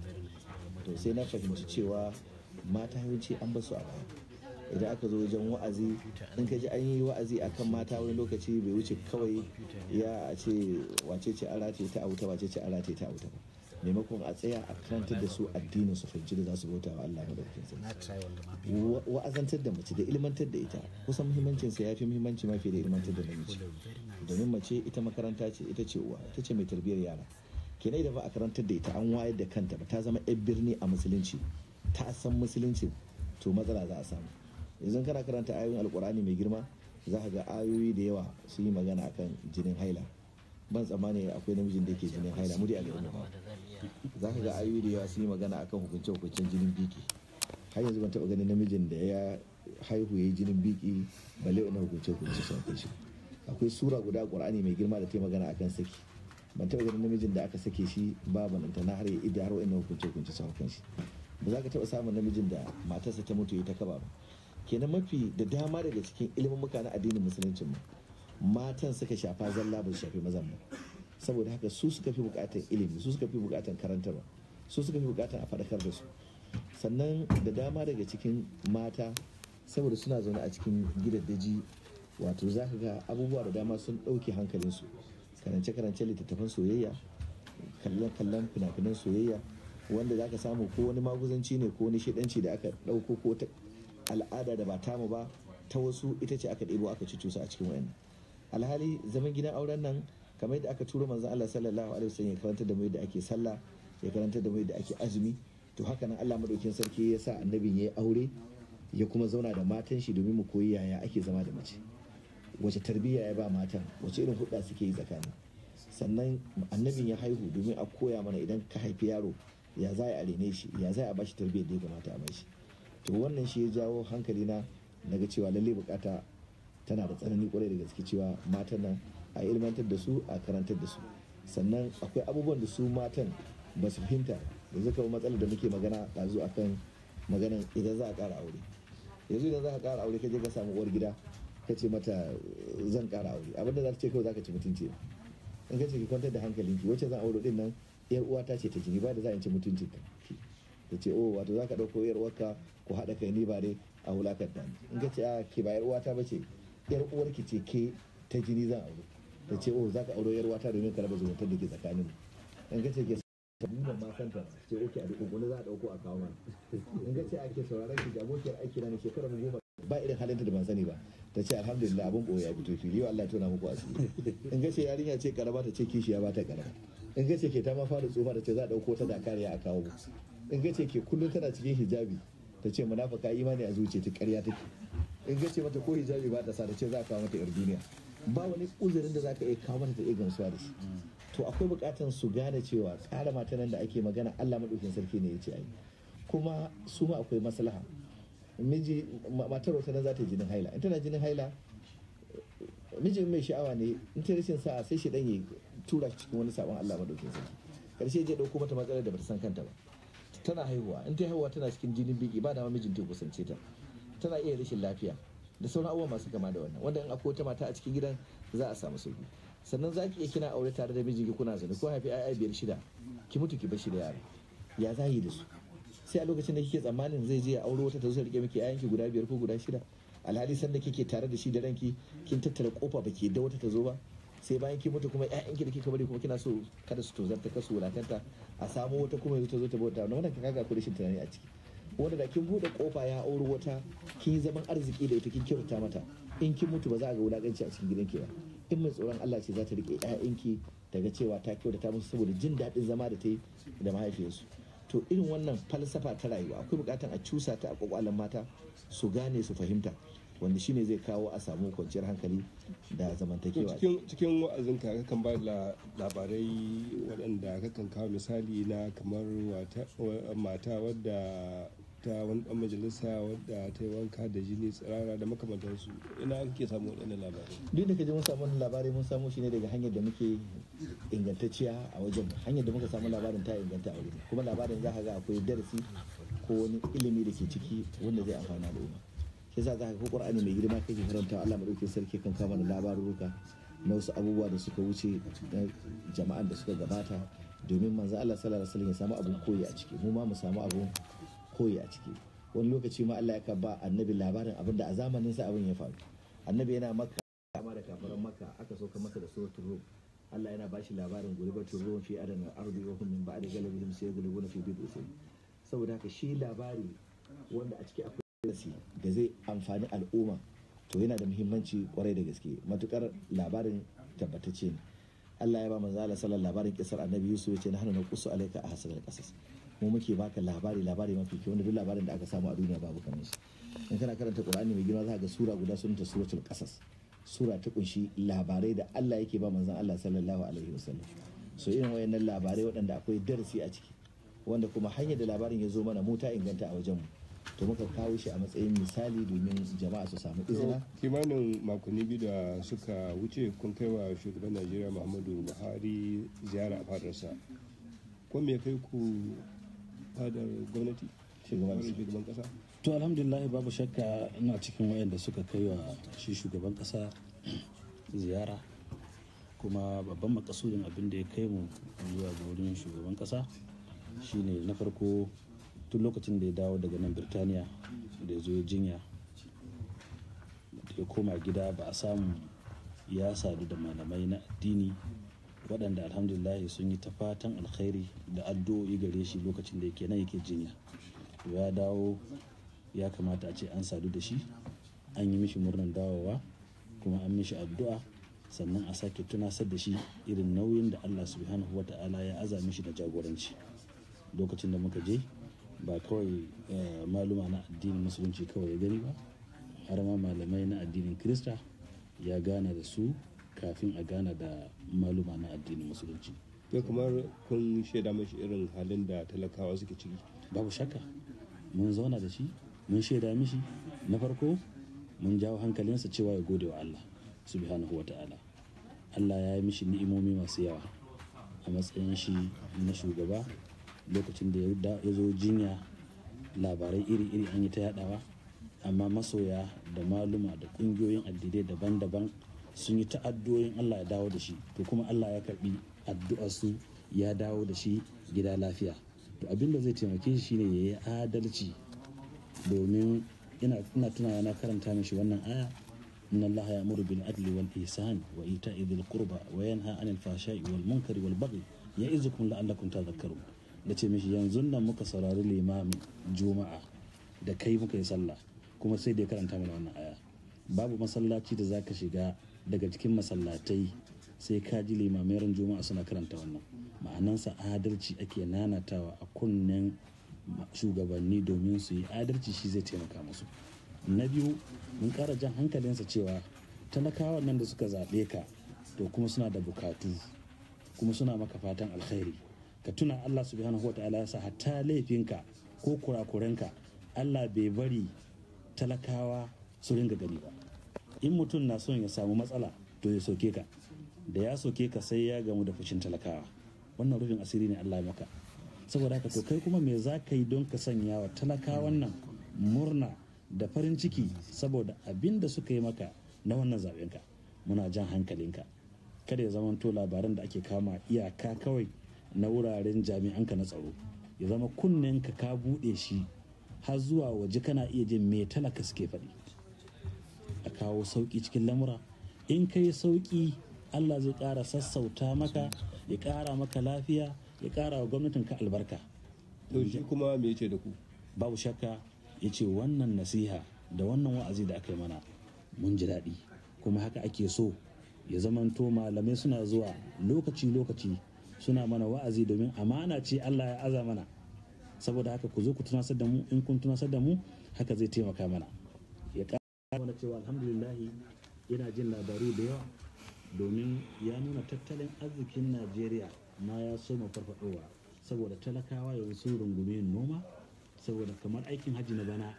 to sai na fahimci cewa mata yawanci an basu a baya idan aka zo wajen wa'azi in ka ji an yi wa'azi akan mata wani lokaci bai wuce kawai ya a ce wace ce arate ta auta wace ce arate ta auta ba maimakon a tsaya a karantar da su addinin su fahimci da za su bauta wa Allah madaukakin sarki wa'azantar da mace da ilmantar da ita kusan muhimmancin sa yafi muhimmanci ma fiye da ilmantar da namiji domin mace ita makaranta ce ita ce uwa ita ce mai tarbiyyar yara kenai da ba a karantar da ita an wayar da kanta ba ta zama yan birni a musulunci ta san musulunci to matsala za a samu yanzu kana karanta ayoyin alkurani mai girma za ka ga ayoyi da yawa sun yi magana akan jinin haila ban tsammani akwai namijin da ke jinin haila mu dai a garin ba za ka ga ayoyi da yawa sun yi magana akan hukunce hukuncen jinin biki har yanzu ban taɓa ganin namijin da ya haihu ya yi jinin biki balle wani hukunce hukunce sun kai shi akwai sura guda qur'ani mai girma da ta magana akan saki ban taɓa ganin namijin da aka sake shi ba bananta na har ya idda har wani hukunce hukunce sun kai shi ba za ka taɓa samun namijin da matarsa ta mutu ya ta kaba ba kenan mafi da dama daga cikin ilimin na addinin musulunci mu matan suka shafa zalla ba shafi mazan ba saboda haka su suka fi bukatar ilimi su suka fi bukatar karantarwa su suka fi bukatar a fadakar da su sannan da dama daga cikin mata saboda suna zaune a cikin gidaddaji wato za ka ga abubuwa da dama sun ɗauke hankalinsu karance-karance littattafan soyayya kallon-kallon fina-finan soyayya wanda za ka samu ko wani maguzanci ne ko wani shidanci da aka ɗauko ko ta al'ada da ba tamu ba ta wasu ita ce aka ɗebo aka ci cusa a cikin wayannan alhali zaman gidan auren nan kamar yadda aka turo manzon Allah sallallahu alaihi wasallam ya karanta da mu da ake sallah ya karanta da mu da ake azumi to haka nan Allah madaukin sarki ya sa annabin ya yi aure ya kuma zauna da matan shi domin mu koyi yaya ake zama da mace wace tarbiyya ya ba matan wace irin hudda suke yi tsakani sannan annabin ya haihu domin a koya mana idan ka haifi yaro ya za a rene shi ya za a bashi tarbiyyar da ya kamata a mai shi to wannan shi ya jawo hankali na daga cewa lallai bukata tana da tsanani kwarai da gaske cewa matan nan a ilmantar da su a karantar da su sannan akwai abubuwan da su matan ba su fahimta yanzu kawo matsalar da muke magana zuwa kan magana idan za a ƙara aure yanzu idan za ka ƙara aure kaje ka samu uwar gida ka ce mata zan ƙara aure abinda za ta ce kawai za ka ci mutunci in ka ce ki kwantar da hankalinki wacce zan aure din nan yar uwa ta ce ta ki ba da za a ci mutunci ta ce oh wato za ka ɗauko yar uwarka ku haɗa kai ni ba dai a wulakanta in ka ce a ke ba yar uwa ta ba ce yar uwarki ce ke ta jini za a ta ce o oh, za ka auro yar wata domin ka raba zumuntar da ke tsakanin in ka ce ke nuna ma kanta ce oke a duk wani za a dauko a kawo mana in ka ce ake sauraron ki ga abokiyar aiki na ne shekarar goma ba irin halinta da ban sani ba ta ce alhamdulillah abun boye ya fito fili Allah ya tona muku asiri in ga ce yarinya ce karaba ta ce kishiya ba ta karaba in ga ce ke ta ma fara tsufa ta ce za a dauko ta dakariya a kawo in ga ce ke kullum tana cikin hijabi ta ce munafika imani a zuciya ta ƙarya take in ga ce mata ko hijabi ba ta sadace ce za ka kawo mata yar duniya ba wani uzurin da za ka iya kawo mata ta iya gamsuwa da shi to akwai bukatan su gane cewa tsara mata nan da ake magana Allah madaukin sarki ne ya ai kuma su ma akwai maslaha miji matar wata nan za ta jinin haila in tana jinin haila mijin mai sha'awa ne in ta rashin sa'a sai shi dan ya tura shi cikin wani sabon Allah madaukin sarki karshe je dauko mata matsalar da bata san kanta ba tana haihuwa in ta haihuwa tana cikin jinin biki ba da mijin ta kusance ta tana iya rashin lafiya da sauran abubuwa masu kama da wannan wanda in akwai wata mata a cikin gidan za a samu sauki sannan za ki iya kina aure tare da miji kuna zaune ko haifi ai biyar shida ki mutu ki bar shi da yara ya za yi da su sai a lokacin da kike tsammanin zai je a aure wata ta zo rike miki ayanki guda biyar ko guda shida alhali sanda kike tare da shi da ranki kin tattara kofa baki da wata ta zo ba sai bayan ki mutu kuma ƴaƴanki da kike bari kuma kina so kada su tozarta kasu wulakanta a samo wata kuma yau ta zo ta bauta wannan kaga ko rashin tunani a ciki wanda da kin buɗe kofa ya auri wata kin zaman arziki da ita kin kirta mata in kin mutu ba za a ga wulakanci a cikin gidanki ba in mai tsoron Allah ce za ta rike ƴaƴanki daga cewa ta kyautata musu saboda jin daɗin zama da ta yi da mahaifiyarsu to irin wannan falsafa ta rayuwa akwai buƙatar a cusa ta a kwakwalan mata su gane su fahimta wanda shine zai kawo a samu kwanciyar hankali da zamantakewa cikin wa'azin ka kan ba da labarai waɗanda kakan kawo misali na kamar mata wadda ta wani dan majalisa wadda ta yi wanka da jini tsirara da makamantansu ina kake samu wadannan labarai duk da kaje mun samu wannan labarai mun samu shi ne daga hanyar da muke ingantacciya a wajen hanyar da muka samu labarin ta inganta a wajen kuma labarin za ka ga akwai darasi ko wani ilimi da ke ciki wanda zai amfana da shi yasa za ka ko qur'ani mai girma kake karanta Allah dauke sarki kan kama da labaruruka na wasu abubuwa da suka wuce na jama'an da suka gabata domin manzo Allah sallallahu alaihi wasallam ya samu abun koyi a ciki mu ma mu samu abun koyi a ciki wani lokaci ma Allah ya ka ba annabi labarin abin da a zamanin sa abin ya faru annabi yana maka kama da kafaran maka aka sauka masa da suratul rum Allah yana bashi labarin gulbatul rum fi adana ardi wa hum min ba'di galabihim sayaghlibuna fi bid'atin saboda haka shi labari wanda a ciki akwai da zai amfani al'umma to yana da muhimmanci kwarai da gaske matukar labarin tabbatacce ne Allah ya ba manzo Allah sallallahu labarin kisar annabi Yusuf ya ce na naqusu alayka ahsanal qasas kuma muke baka labari labari mafi kyau wanda duk labarin da aka samu a duniya babu kamar shi in kana karanta qur'ani mai girma za ga sura guda sun sunanta suratul qasas sura ta kunshi labarai da Allah yake ba manzon Allah sallallahu alaihi wasallam so irin wayannan labarai wadanda akwai darasi a ciki wanda kuma hanyar da labarin ya zo mana mu ta inganta a wajen mu to muka kawo shi a matsayin misali domin jama'a su samu izina kimanin makonni biyu da suka wuce kun kai wa shugaban najeriya muhammadu buhari ziyara a fadarsa kuma me kai ku fadar gwamnati shugaban kasa to alhamdulillah babu shakka ina cikin wayanda suka kai wa shi shugaban kasa ziyara kuma babban makasudin abin da ya kai mu zuwa ga wurin shugaban kasa shine na farko tun lokacin da ya dawo daga nan birtaniya da ya zo ya jinya da ya koma gida ba a samu ya sadu da malamai na addini waɗanda alhamdulillah sun yi ta fatan alkhairi da addu'o'i gare shi lokacin da yake nan yake jinya ya dawo ya kamata a ce an sadu da shi an yi mishi murnan dawowa kuma an mishi addu'a sannan a sake tunasar da shi irin nauyin da Allah subhanahu wa ta'ala ya aza mishi da jagoranci lokacin da muka je ba kawai eh, maluma na addinin musulunci kawai ya gani ba har ma malamai na addinin kirista ya gana da su kafin a gana da maluma na addinin musulunci to kamar kun shaida mashi irin halin da talakawa suke ciki babu shakka mun zauna da shi mun shaida mishi na farko mun jawo hankalinsa cewa ya gode wa Allah subhanahu wa ta'ala Allah ya yi mishi ni'imomi masu yawa a matsayin shi na shugaba lokacin da ya zo jinya labarai iri-iri an yi ta yadawa amma masoya da maluma da kungiyoyin addinai daban-daban sun yi ta'addoyin Allah ya dawo da shi to kuma Allah ya karbi addu'ar su ya dawo da shi gida lafiya to abin da zai taimake shi shine yayi adalci domin ina ina tuna na karanta mishi wannan aya ihsan wa ita'i dhil qurba wa yanha 'anil fahsha'i wal munkari wal baghi ya'izukum la'allakum tadhakkarun nace mishi yanzu nan muka saurari limami juma'a da kai muka yi sallah kuma sai dai karanta mana wannan aya babu masallaci da zaka shiga daga cikin masallatai sai ka ji limamai ran juma'a suna karanta wannan ma'anansa adalci ake nanatawa a kunnen shugabanni domin su yi adalci shi zai taimaka musu na biyu mun kara jan hankalinsa cewa talakawan nan da suka zaɓe ka to kuma suna da bukatu kuma suna maka fatan alkhairi ka tuna allah subhanahu wa ta'ala sa hatta laifinka ko kurakurenka allah bai bari talakawa su ringa gani ba in mutum na son ya samu matsala to ya soke ka da ya soke ka sai ya gamu da fushin talakawa wannan rufin asiri ne Allah maka saboda haka to kai kuma me za ka yi don ka sanya wa talakawan nan murna da farin ciki saboda abin da suka yi maka na wannan zaben ka muna jan hankalinka kada ya zamanto labaran da ake kama iyaka kawai na wuraren jami'anka na tsaro ya zama kunnen ka ka bude shi har zuwa waje kana iya jin me talaka suke faɗi a kawo sauki cikin lamura in ka yi sauƙi allah zai ƙara sassauta maka ya ƙara maka lafiya ya ƙara wa gwamnatin ka albarka to shi kuma me yace da ku babu shakka ya ce wannan nasiha da wannan wa'azi da aka yi mana mun ji daɗi kuma haka ake so ya zamanto malamai suna zuwa lokaci-lokaci suna mana wa'azi domin amana ce Allah ya aza mana saboda haka ku zo ku tunasar da mu in kun tunasar da mu haka zai taimaka mana wani cewa alhamdulillahi yana jin labaru da yawa domin ya nuna tattalin arzikin najeriya ma ya soma farfadowa saboda talakawa yanzu sun rungume noma saboda kamar aikin hajji na bana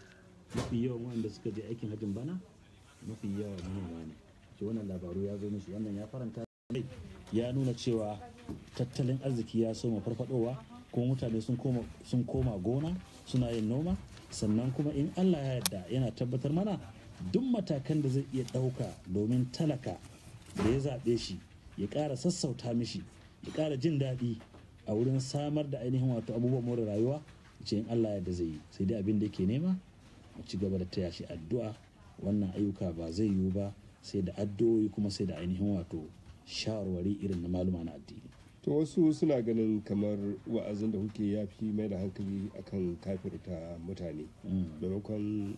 mafi yawan wanda suka je aikin hajin bana mafi yawa manoma ne ce wannan labaru ya zo musu wannan ya faranta ya nuna cewa tattalin arziki ya soma farfadowa kuma mutane sun koma gona suna yin noma sannan kuma in allah ya yarda yana tabbatar mana duk matakan da zai iya ɗauka domin talaka da ya zaɓe shi ya ƙara sassauta mishi ya ƙara jin daɗi a wurin samar da ainihin wato abubuwan more rayuwa ce in Allah yadda zai yi sai dai abin da yake nema a ci gaba da taya shi addu'a wannan ayyuka ba zai yiwu ba sai da addu'o'i kuma sai da ainihin wato shawarwari irin na maluma na addini to wasu suna ganin kamar wa'azin da kuke ya fi mai da hankali akan kafirta mutane mm. maimakon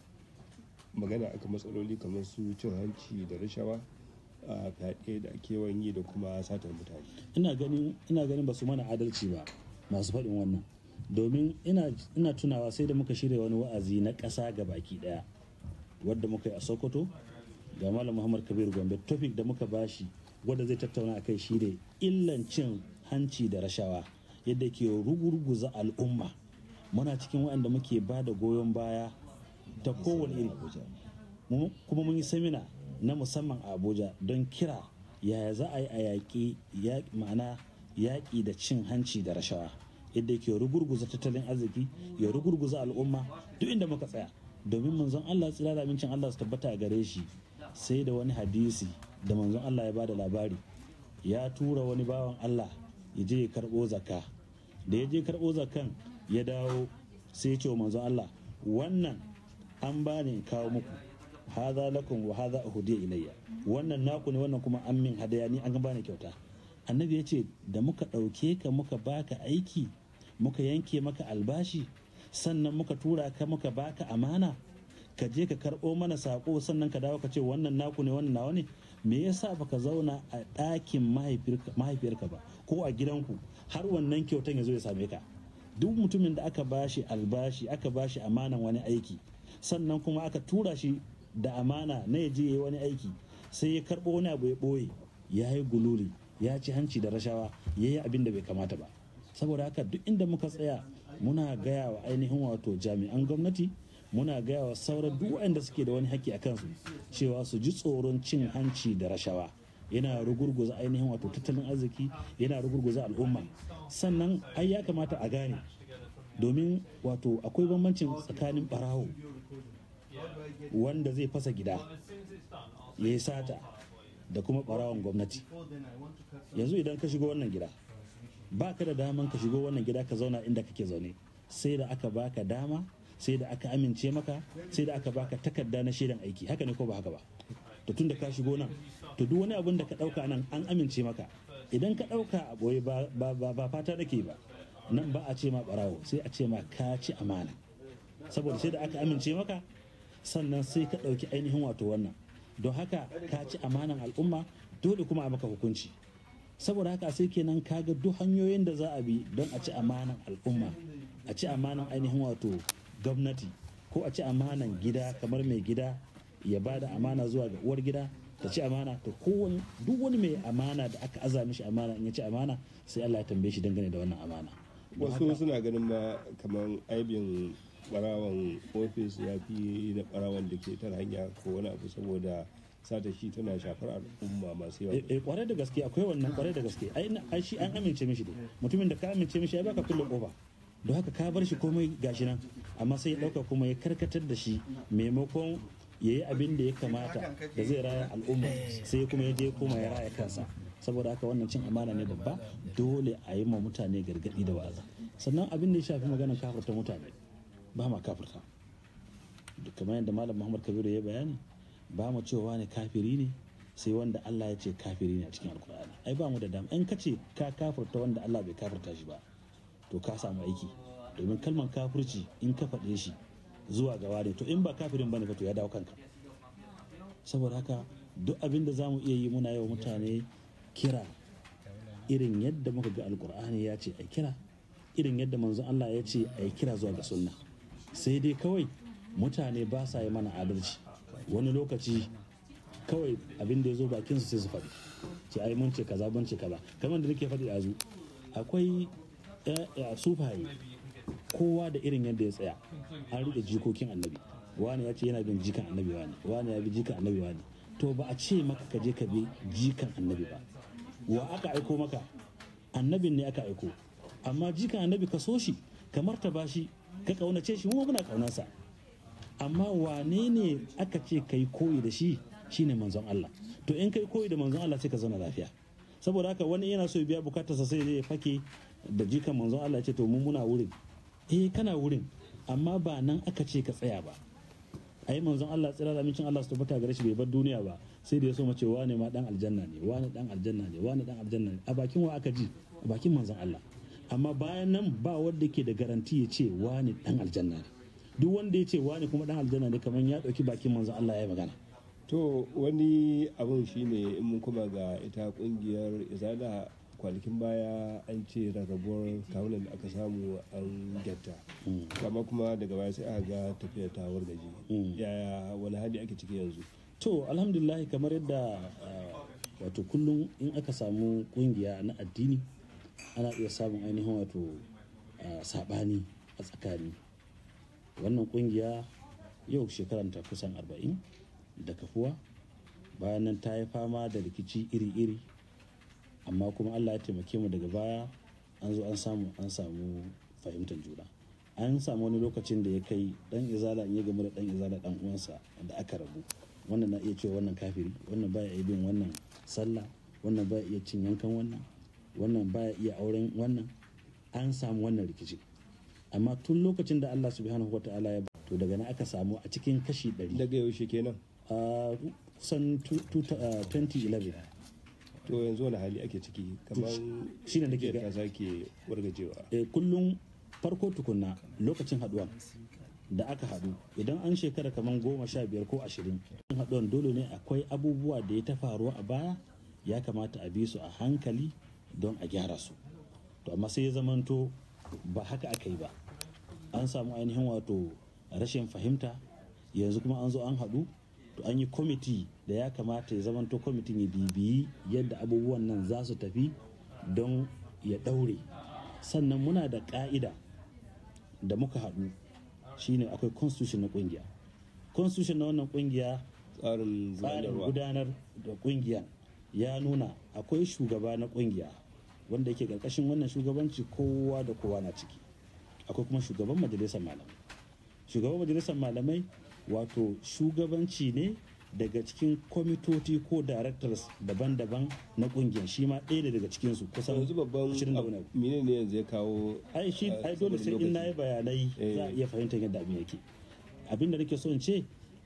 magana akan matsaloli kamar su cin hanci da rashawa a fyaɗe da kewan yi da kuma satar mutane ina ganin ba su mana adalci ba masu faɗin wannan domin ina tunawa sai da muka shirya wani wa'azi na ƙasa ga baki ɗaya wadda muka yi a sokoto ga malam muhammad kabir gombe topic da muka bashi wadda zai tattauna akai shi ne illan cin hanci da rashawa yadda ke rugurguza al'umma muna cikin waɗanda muke ba da goyon baya ta kowane iri kuma mun yi samina na musamman a abuja don kira yaya za a yi a yaƙi ma'ana yaƙi da cin hanci da rashawa yadda yake rugurguza tattalin arziki ya rugurguza al'umma duk inda muka tsaya domin manzon Allah tsira da amincin Allah su tabbata a gare shi sai da wani hadisi da manzon Allah ya bada labari ya tura wani bawan Allah ya je ya karbo zakka da ya je karbo zakkan ya dawo sai ya ce wa manzon Allah wannan an ba ni kawo muku haza lakum wa haza uhudiya ilayya wannan naku ne wannan kuma an min hadaya ni an ba ni kyauta annabi ya ce da muka ɗauke ka muka baka aiki muka yanke maka albashi sannan muka tura ka muka baka amana ka je ka karɓo mana saƙo sannan ka dawo ka ce wannan naku ne wannan nawa ne me yasa baka zauna a ɗakin mahaifiyarka ba ko a gidanku har wannan kyautan ya zo ya same ka duk mutumin da aka bashi albashi aka bashi amanan wani aiki sannan kuma aka tura shi da amana na ya je wani aiki sai ya karbo wani abu ya ɓoye ya yi guluri ya ci hanci da rashawa ya yi abin da bai kamata ba saboda haka duk inda muka tsaya muna gaya wa ainihin wato jami'an gwamnati muna gaya wa sauran duk waɗanda suke da wani haƙƙi a kansu cewa su ji tsoron cin hanci da rashawa yana rugurguza ainihin wato tattalin arziki yana rugurguza al'umma sannan ai ya kamata a gane domin wato akwai bambancin tsakanin barawo wanda zai fasa gida ya yi sata da kuma ɓarawan gwamnati yanzu idan ka shigo wannan gida ba ka da daman ka shigo wannan gida ka zauna inda kake zaune sai da aka baka dama sai da aka amince maka sai da aka baka takarda na shirin aiki haka ne ko ba haka ba to tun da ka shigo nan to duk wani abin da ka ɗauka nan an amince maka idan ka ɗauka a ɓoye ba fata da ke ba nan ba a ce ma ɓarawo sai a ce ma ka ci amana saboda sai da aka amince maka sannan sai ka ɗauki ainihin wato wannan don haka ka ci amanan al'umma dole kuma a maka hukunci saboda haka sai kenan ka ga duk hanyoyin da za a bi don a ci amanan al'umma a ci amanan ainihin wato gwamnati ko a ci amanan gida kamar mai gida ya ba da amana zuwa ga uwar gida ta ci amana ta kowane duk wani mai amana da aka aza mishi amana in ya ci amana sai Allah ya tambaye shi dangane da wannan amana wasu suna ganin ma kamar aibin barawan ofis ya fi na barawan da ke tar hanya ko wani abu saboda sata shi tana shafar al'umma masu yawa eh kwarai eh, da gaske akwai wannan kwarai da gaske ai shi an amince mishi ne mutumin da ka amince mishi ai baka kulle kofa don haka ka bar shi komai gashi nan amma sai ya dauka kuma ya karkatar da shi maimakon ya yi abin da ya kamata da zai raya al'umma eh. sai kuma ya je kuma ya raya kansa saboda haka wannan cin amana ne babba dole a yi ma mutane gargadi da wa'aza sannan abin da ya shafi maganar kafirta mutane ba ma kafirta kamar yadda malam muhammad kabiru ya bayani ba mu cewa ne kafiri ne sai wanda Allah ya ce kafiri ne a cikin alkur'ani ai ba mu da dama in ka ce ka kafirta wanda Allah bai kafirta shi ba to ka samu aiki domin kalmar kafirci in ka faɗe shi zuwa gawa ne to in ba kafirin ne fa to ya dawo kanka saboda haka duk abin da za mu iya yi muna yi wa mutane kira irin yadda muka ga alkur'ani ya ce a kira irin yadda manzon Allah ya ce a kira zuwa ga sunna sai dai kawai mutane ba sa yi mana adalci wani lokaci kawai abin da ya zo bakin su sai su faɗi ce ai mun ce kaza mun ce kaza kamar da nake faɗi yanzu akwai sufaye kowa da irin yadda ya tsaya an rike jikokin annabi wani ya ce yana bin jikan annabi wani wani ya bi jikan annabi wani to ba a ce maka ka je ka bi jikan annabi ba wa aka aiko maka annabin ne aka aiko amma jika annabi ka so shi ka martaba shi ka kaunace shi mu kuna kaunarsa amma wane ne aka ce kai koyi da shi shine manzon Allah to in kai koyi da manzon Allah sai ka zauna lafiya saboda haka wani yana so ya biya sa sai ya fake da jikan manzon Allah ya ce to mu muna wurin eh kana wurin amma ba nan aka ce ka tsaya ba ai manzon Allah tsira da amincin Allah su tabbata gare shi bai bar duniya ba sai da ya so mace wane ma dan aljanna ne wane dan aljanna ne wane dan aljanna ne a bakin wa aka ji a bakin manzon Allah amma bayan nan ba wanda ke da garanti ya ce wane dan aljanna ne duk wanda ya ce wane kuma dan aljanna ne kamar ya dauki bakin manzon Allah ya magana to wani abun shine in mun kuma ga ita kungiyar izala kwalikin baya an ce rarrabuwar kawunan da aka samu an gyatta kama mm. kuma daga baya sai aka ga tafiyar ta wargaje yaya mm. wani hali ake ciki yanzu to alhamdulillah kamar yadda ah, wato kullum in aka samu kungiya na addini ana iya samun ainihin wato ah, sabani a tsakani wannan kungiya yau ta kusan arba'in da kafuwa bayan ta yi fama da rikici iri-iri amma kuma allah ya taimake mu daga baya an zo an samu an samu fahimtar juna an samu wani lokacin da ya kai dan izala in ya gamu da dan izala dan uwansa da aka rabu wannan na iya cewa wannan kafiri wannan baya iya bin wannan sallah wannan baya iya cin yankan wannan wannan baya iya auren wannan an samu wannan rikici amma tun lokacin da Allah subhanahu wataala ya to daga nan aka samu a cikin kashi 100 daga yaushe kenan a ah, kusan 2011 to yanzu wani hali ake ciki kamar da ke ga sake wargajewa eh kullum farko tukunna lokacin haduwa da aka haɗu idan an shekara kamar goma sha biyar ko ashirin haɗuwan dole ne akwai abubuwa da ya ta faruwa a baya ya kamata a bi su a hankali don a gyara su to amma sai ya zamanto ba haka aka yi ba an samu ainihin wato rashin fahimta yanzu kuma an zo an haɗu to an yi kwamiti da ya kamata ya zamanto kwamitin ya bibiyi yadda abubuwan nan za su tafi don ya daure sannan muna da ka'ida da muka haɗu shine akwai constitution na kungiya constitution na wannan kungiya tsarin gudanar da kungiya ya nuna akwai shugaba na kungiya wanda yake ƙarƙashin wannan shugabanci kowa da kowa na ciki akwai kuma shugaban majalisar malamai shugaban majalisar malamai wato shugabanci ne daga cikin kwamitoci ko directors daban-daban na kungiyar shi ma ɗaya daga cikin su kusan yanzu babban mene ne yanzu ya kawo ai shi eh, ai dole sai in nayi bayanai za a eh. iya fahimtar yadda abin yake abin da nake so in ce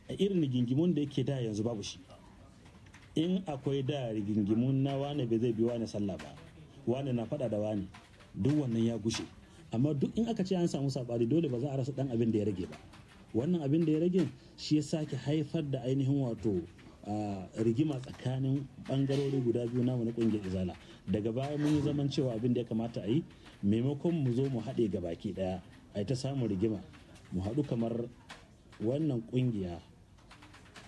a irin rigingimun da yake da yanzu babu shi in akwai da rigingimun na wane bai zai bi wane sallah ba wane na faɗa da wane duk wannan ya gushe amma duk in aka ce an samu sabari dole ba za a rasa dan abin da ya rage ba wannan abin da ya rage shi ya sake haifar da ainihin wato rigima tsakanin bangarori guda biyu namu na kungiyar izala daga baya mun yi zaman cewa abin da ya kamata a yi maimakon mu zo mu haɗe ga baki ɗaya a ta samun rigima mu haɗu kamar wannan kungiya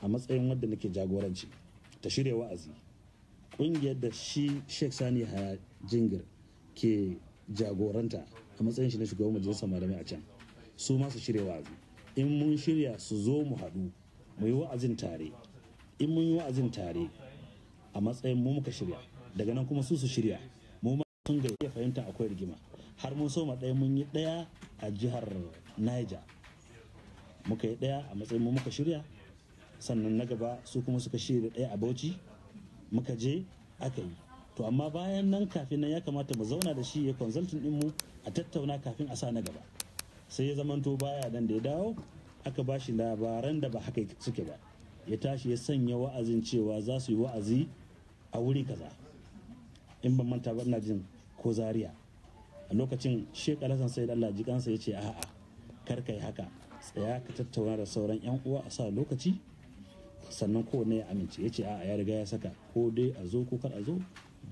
a matsayin wadda nake jagoranci ta shirya wa'azi kungiyar da shi sheikh sani haya jingir ke jagoranta a matsayin shi na shugaban majalisar malamai a can su masu shirya wa'azi in mun shirya su zo mu haɗu mu yi wa'azin tare in mun yi wa'azin tare a matsayin mu muka shirya daga nan kuma su su shirya mu ma sun ga iya fahimta akwai rigima har mun so soma ɗaya mun yi ɗaya a jihar niger muka yi ɗaya a matsayin mu muka shirya sannan na gaba su kuma suka shirya ɗaya a bauchi muka je aka yi to amma bayan nan kafin nan ya kamata mu zauna da shi ya consulting mu a tattauna kafin a sa na gaba sai ya zama zamanto baya nan da ya dawo aka ba shi labaran da ba haka suke ba ya tashi ya sanya wa'azin cewa za su yi wa'azi a wuri kaza in ban manta ba ina jin ko zaria a lokacin shek alhassan sai allah jikansa ya ce a'a kar ka haka tsaya ka tattauna da sauran yan uwa a sa lokaci sannan kowanne ya amince ya ce a'a ya riga ya saka ko dai a zo ko kar a zo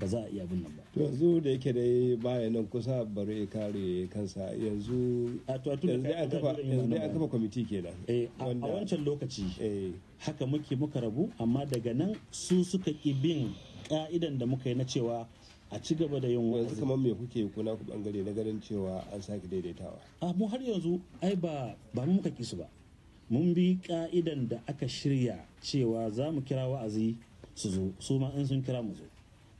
ba za a iya abin nan ba to yanzu da yake da baya nan kusa bari ya kare kansa yanzu yanzu an kafa an kafa kwamiti kenan eh, a wancan lokaci eh. haka muke muka rabu amma daga nan su suka ki bin ka'idan da muka yi na cewa a ci gaba da yin yanzu kamar me kuke kuna ku bangare na ganin cewa an sake daidaitawa a mu har yanzu ai ba ba mu muka ki su ba mun bi ka'idan da aka shirya cewa za mu kira wa'azi su zo su ma in sun kira mu zo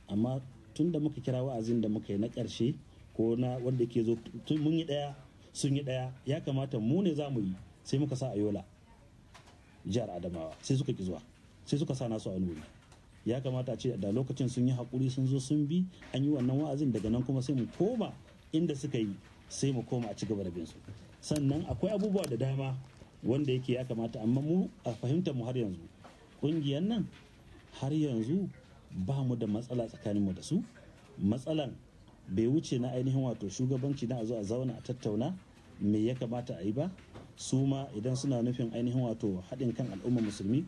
amma tun da muka kira wa'azin da muka yi na ƙarshe ko na wanda ke zo tun mun yi ɗaya sun yi ɗaya ya kamata mu ne za mu yi sai muka sa ayola jihar adamawa sai suka ki zuwa sai suka sa nasu a wani ya kamata a ce da lokacin sun yi haƙuri sun zo sun bi an yi wannan wa'azin daga nan kuma sai mu koma inda suka yi sai mu koma a ci gaba da bin su sannan akwai abubuwa da dama wanda yake ya kamata amma mu a fahimtar mu har yanzu ƙungiyar nan har yanzu ba mu da matsala tsakaninmu da su matsalan bai wuce na ainihin wato shugabanci na a zo a zauna a tattauna me ya kamata a yi ba su ma idan suna nufin ainihin wato haɗin kan al'umma musulmi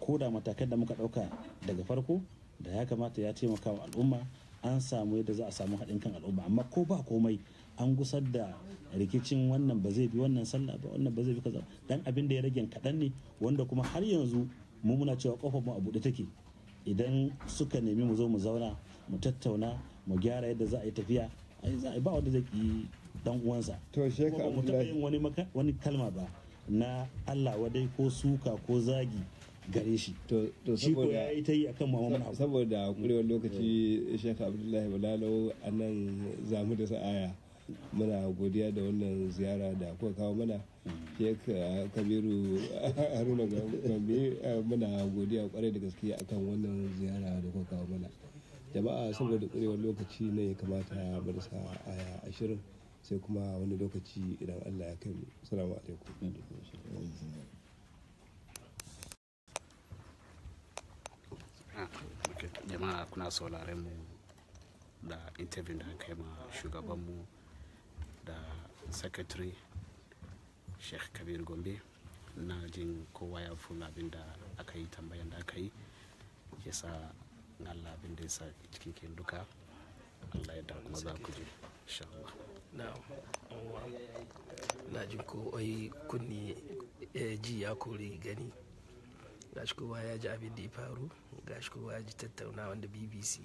ko da matakan da muka ɗauka daga farko da ya kamata ya taimaka wa al'umma an samu yadda za a samu haɗin kan al'umma amma ko ba komai an gusar da rikicin wannan ba zai bi wannan sallah ba wannan ba zai bi kaza dan abin da ya rage kaɗan ne wanda kuma har yanzu mu muna cewa kofar mu a buɗe take idan suka nemi mu zo mu zauna mu tattauna mu gyara yadda za a yi tafiya ai za a ba wanda zai yi dan uwansa to sheka mu taɓa yin wani kalma ba na Allah wadai ko suka ko zagi gare shi to saboda ya yi ta yi akan muhammadu abu saboda kurewar lokaci eh. sheka abdullahi balalo anan nan zamu da sa'aya muna godiya da wannan ziyara da kuka kawo mana ya kabiru haruna gambe eh, muna godiya kwarai da gaske akan wannan ziyara da kuka kawo mana jama'a saboda kurewar lokaci ne ya kamata sa aya ashirin sai kuma wani lokaci idan allah ya kai salamu alaikum ah, jama'a kuna sauraren mu da interview da aka yi ma shugabanmu da secretary sheikh kabir gombe na jin kowa ya fula abinda da aka yi tambayan da aka yi ya sa Allah abin da ya sa cikin kin duka Allah ya kuma za ku ji insha na jin ko ai kunni eh, ji ya kore gani shi kowa ya ji abin da ya faru shi kowa ya ji tattauna wanda bbc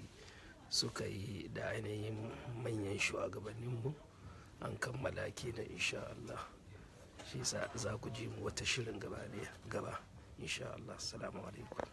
suka yi da ainihin manyan shugabanninmu an kammala kenan insha Allah shi sa za ku ji mu wata shirin gaba ne gaba insha Allah assalamu alaikum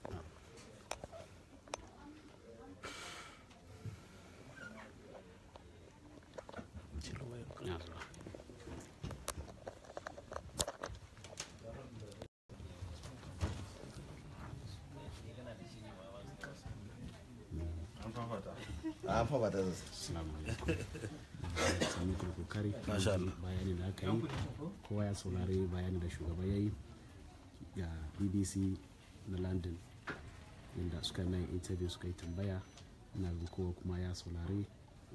Ah, fa ba ta zai saurari bayani da aka yi kowa ya saurari bayani da shugaba ya yi ga bbc na london inda suka mai interview suka yi tambaya ina ga kowa kuma ya saurari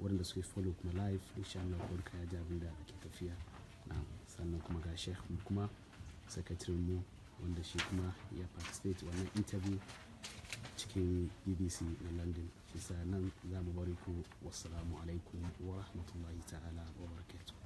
wadanda suka yi follow kuma live insha Allah ko ka ji abin da ke tafiya sannan kuma ga sheikh kuma secretary mu wanda shi kuma ya participate wannan interview cikin bbc na london shi sa nan za mu bari ku wassalamu alaikum wa rahmatullahi ta'ala wa barakatuh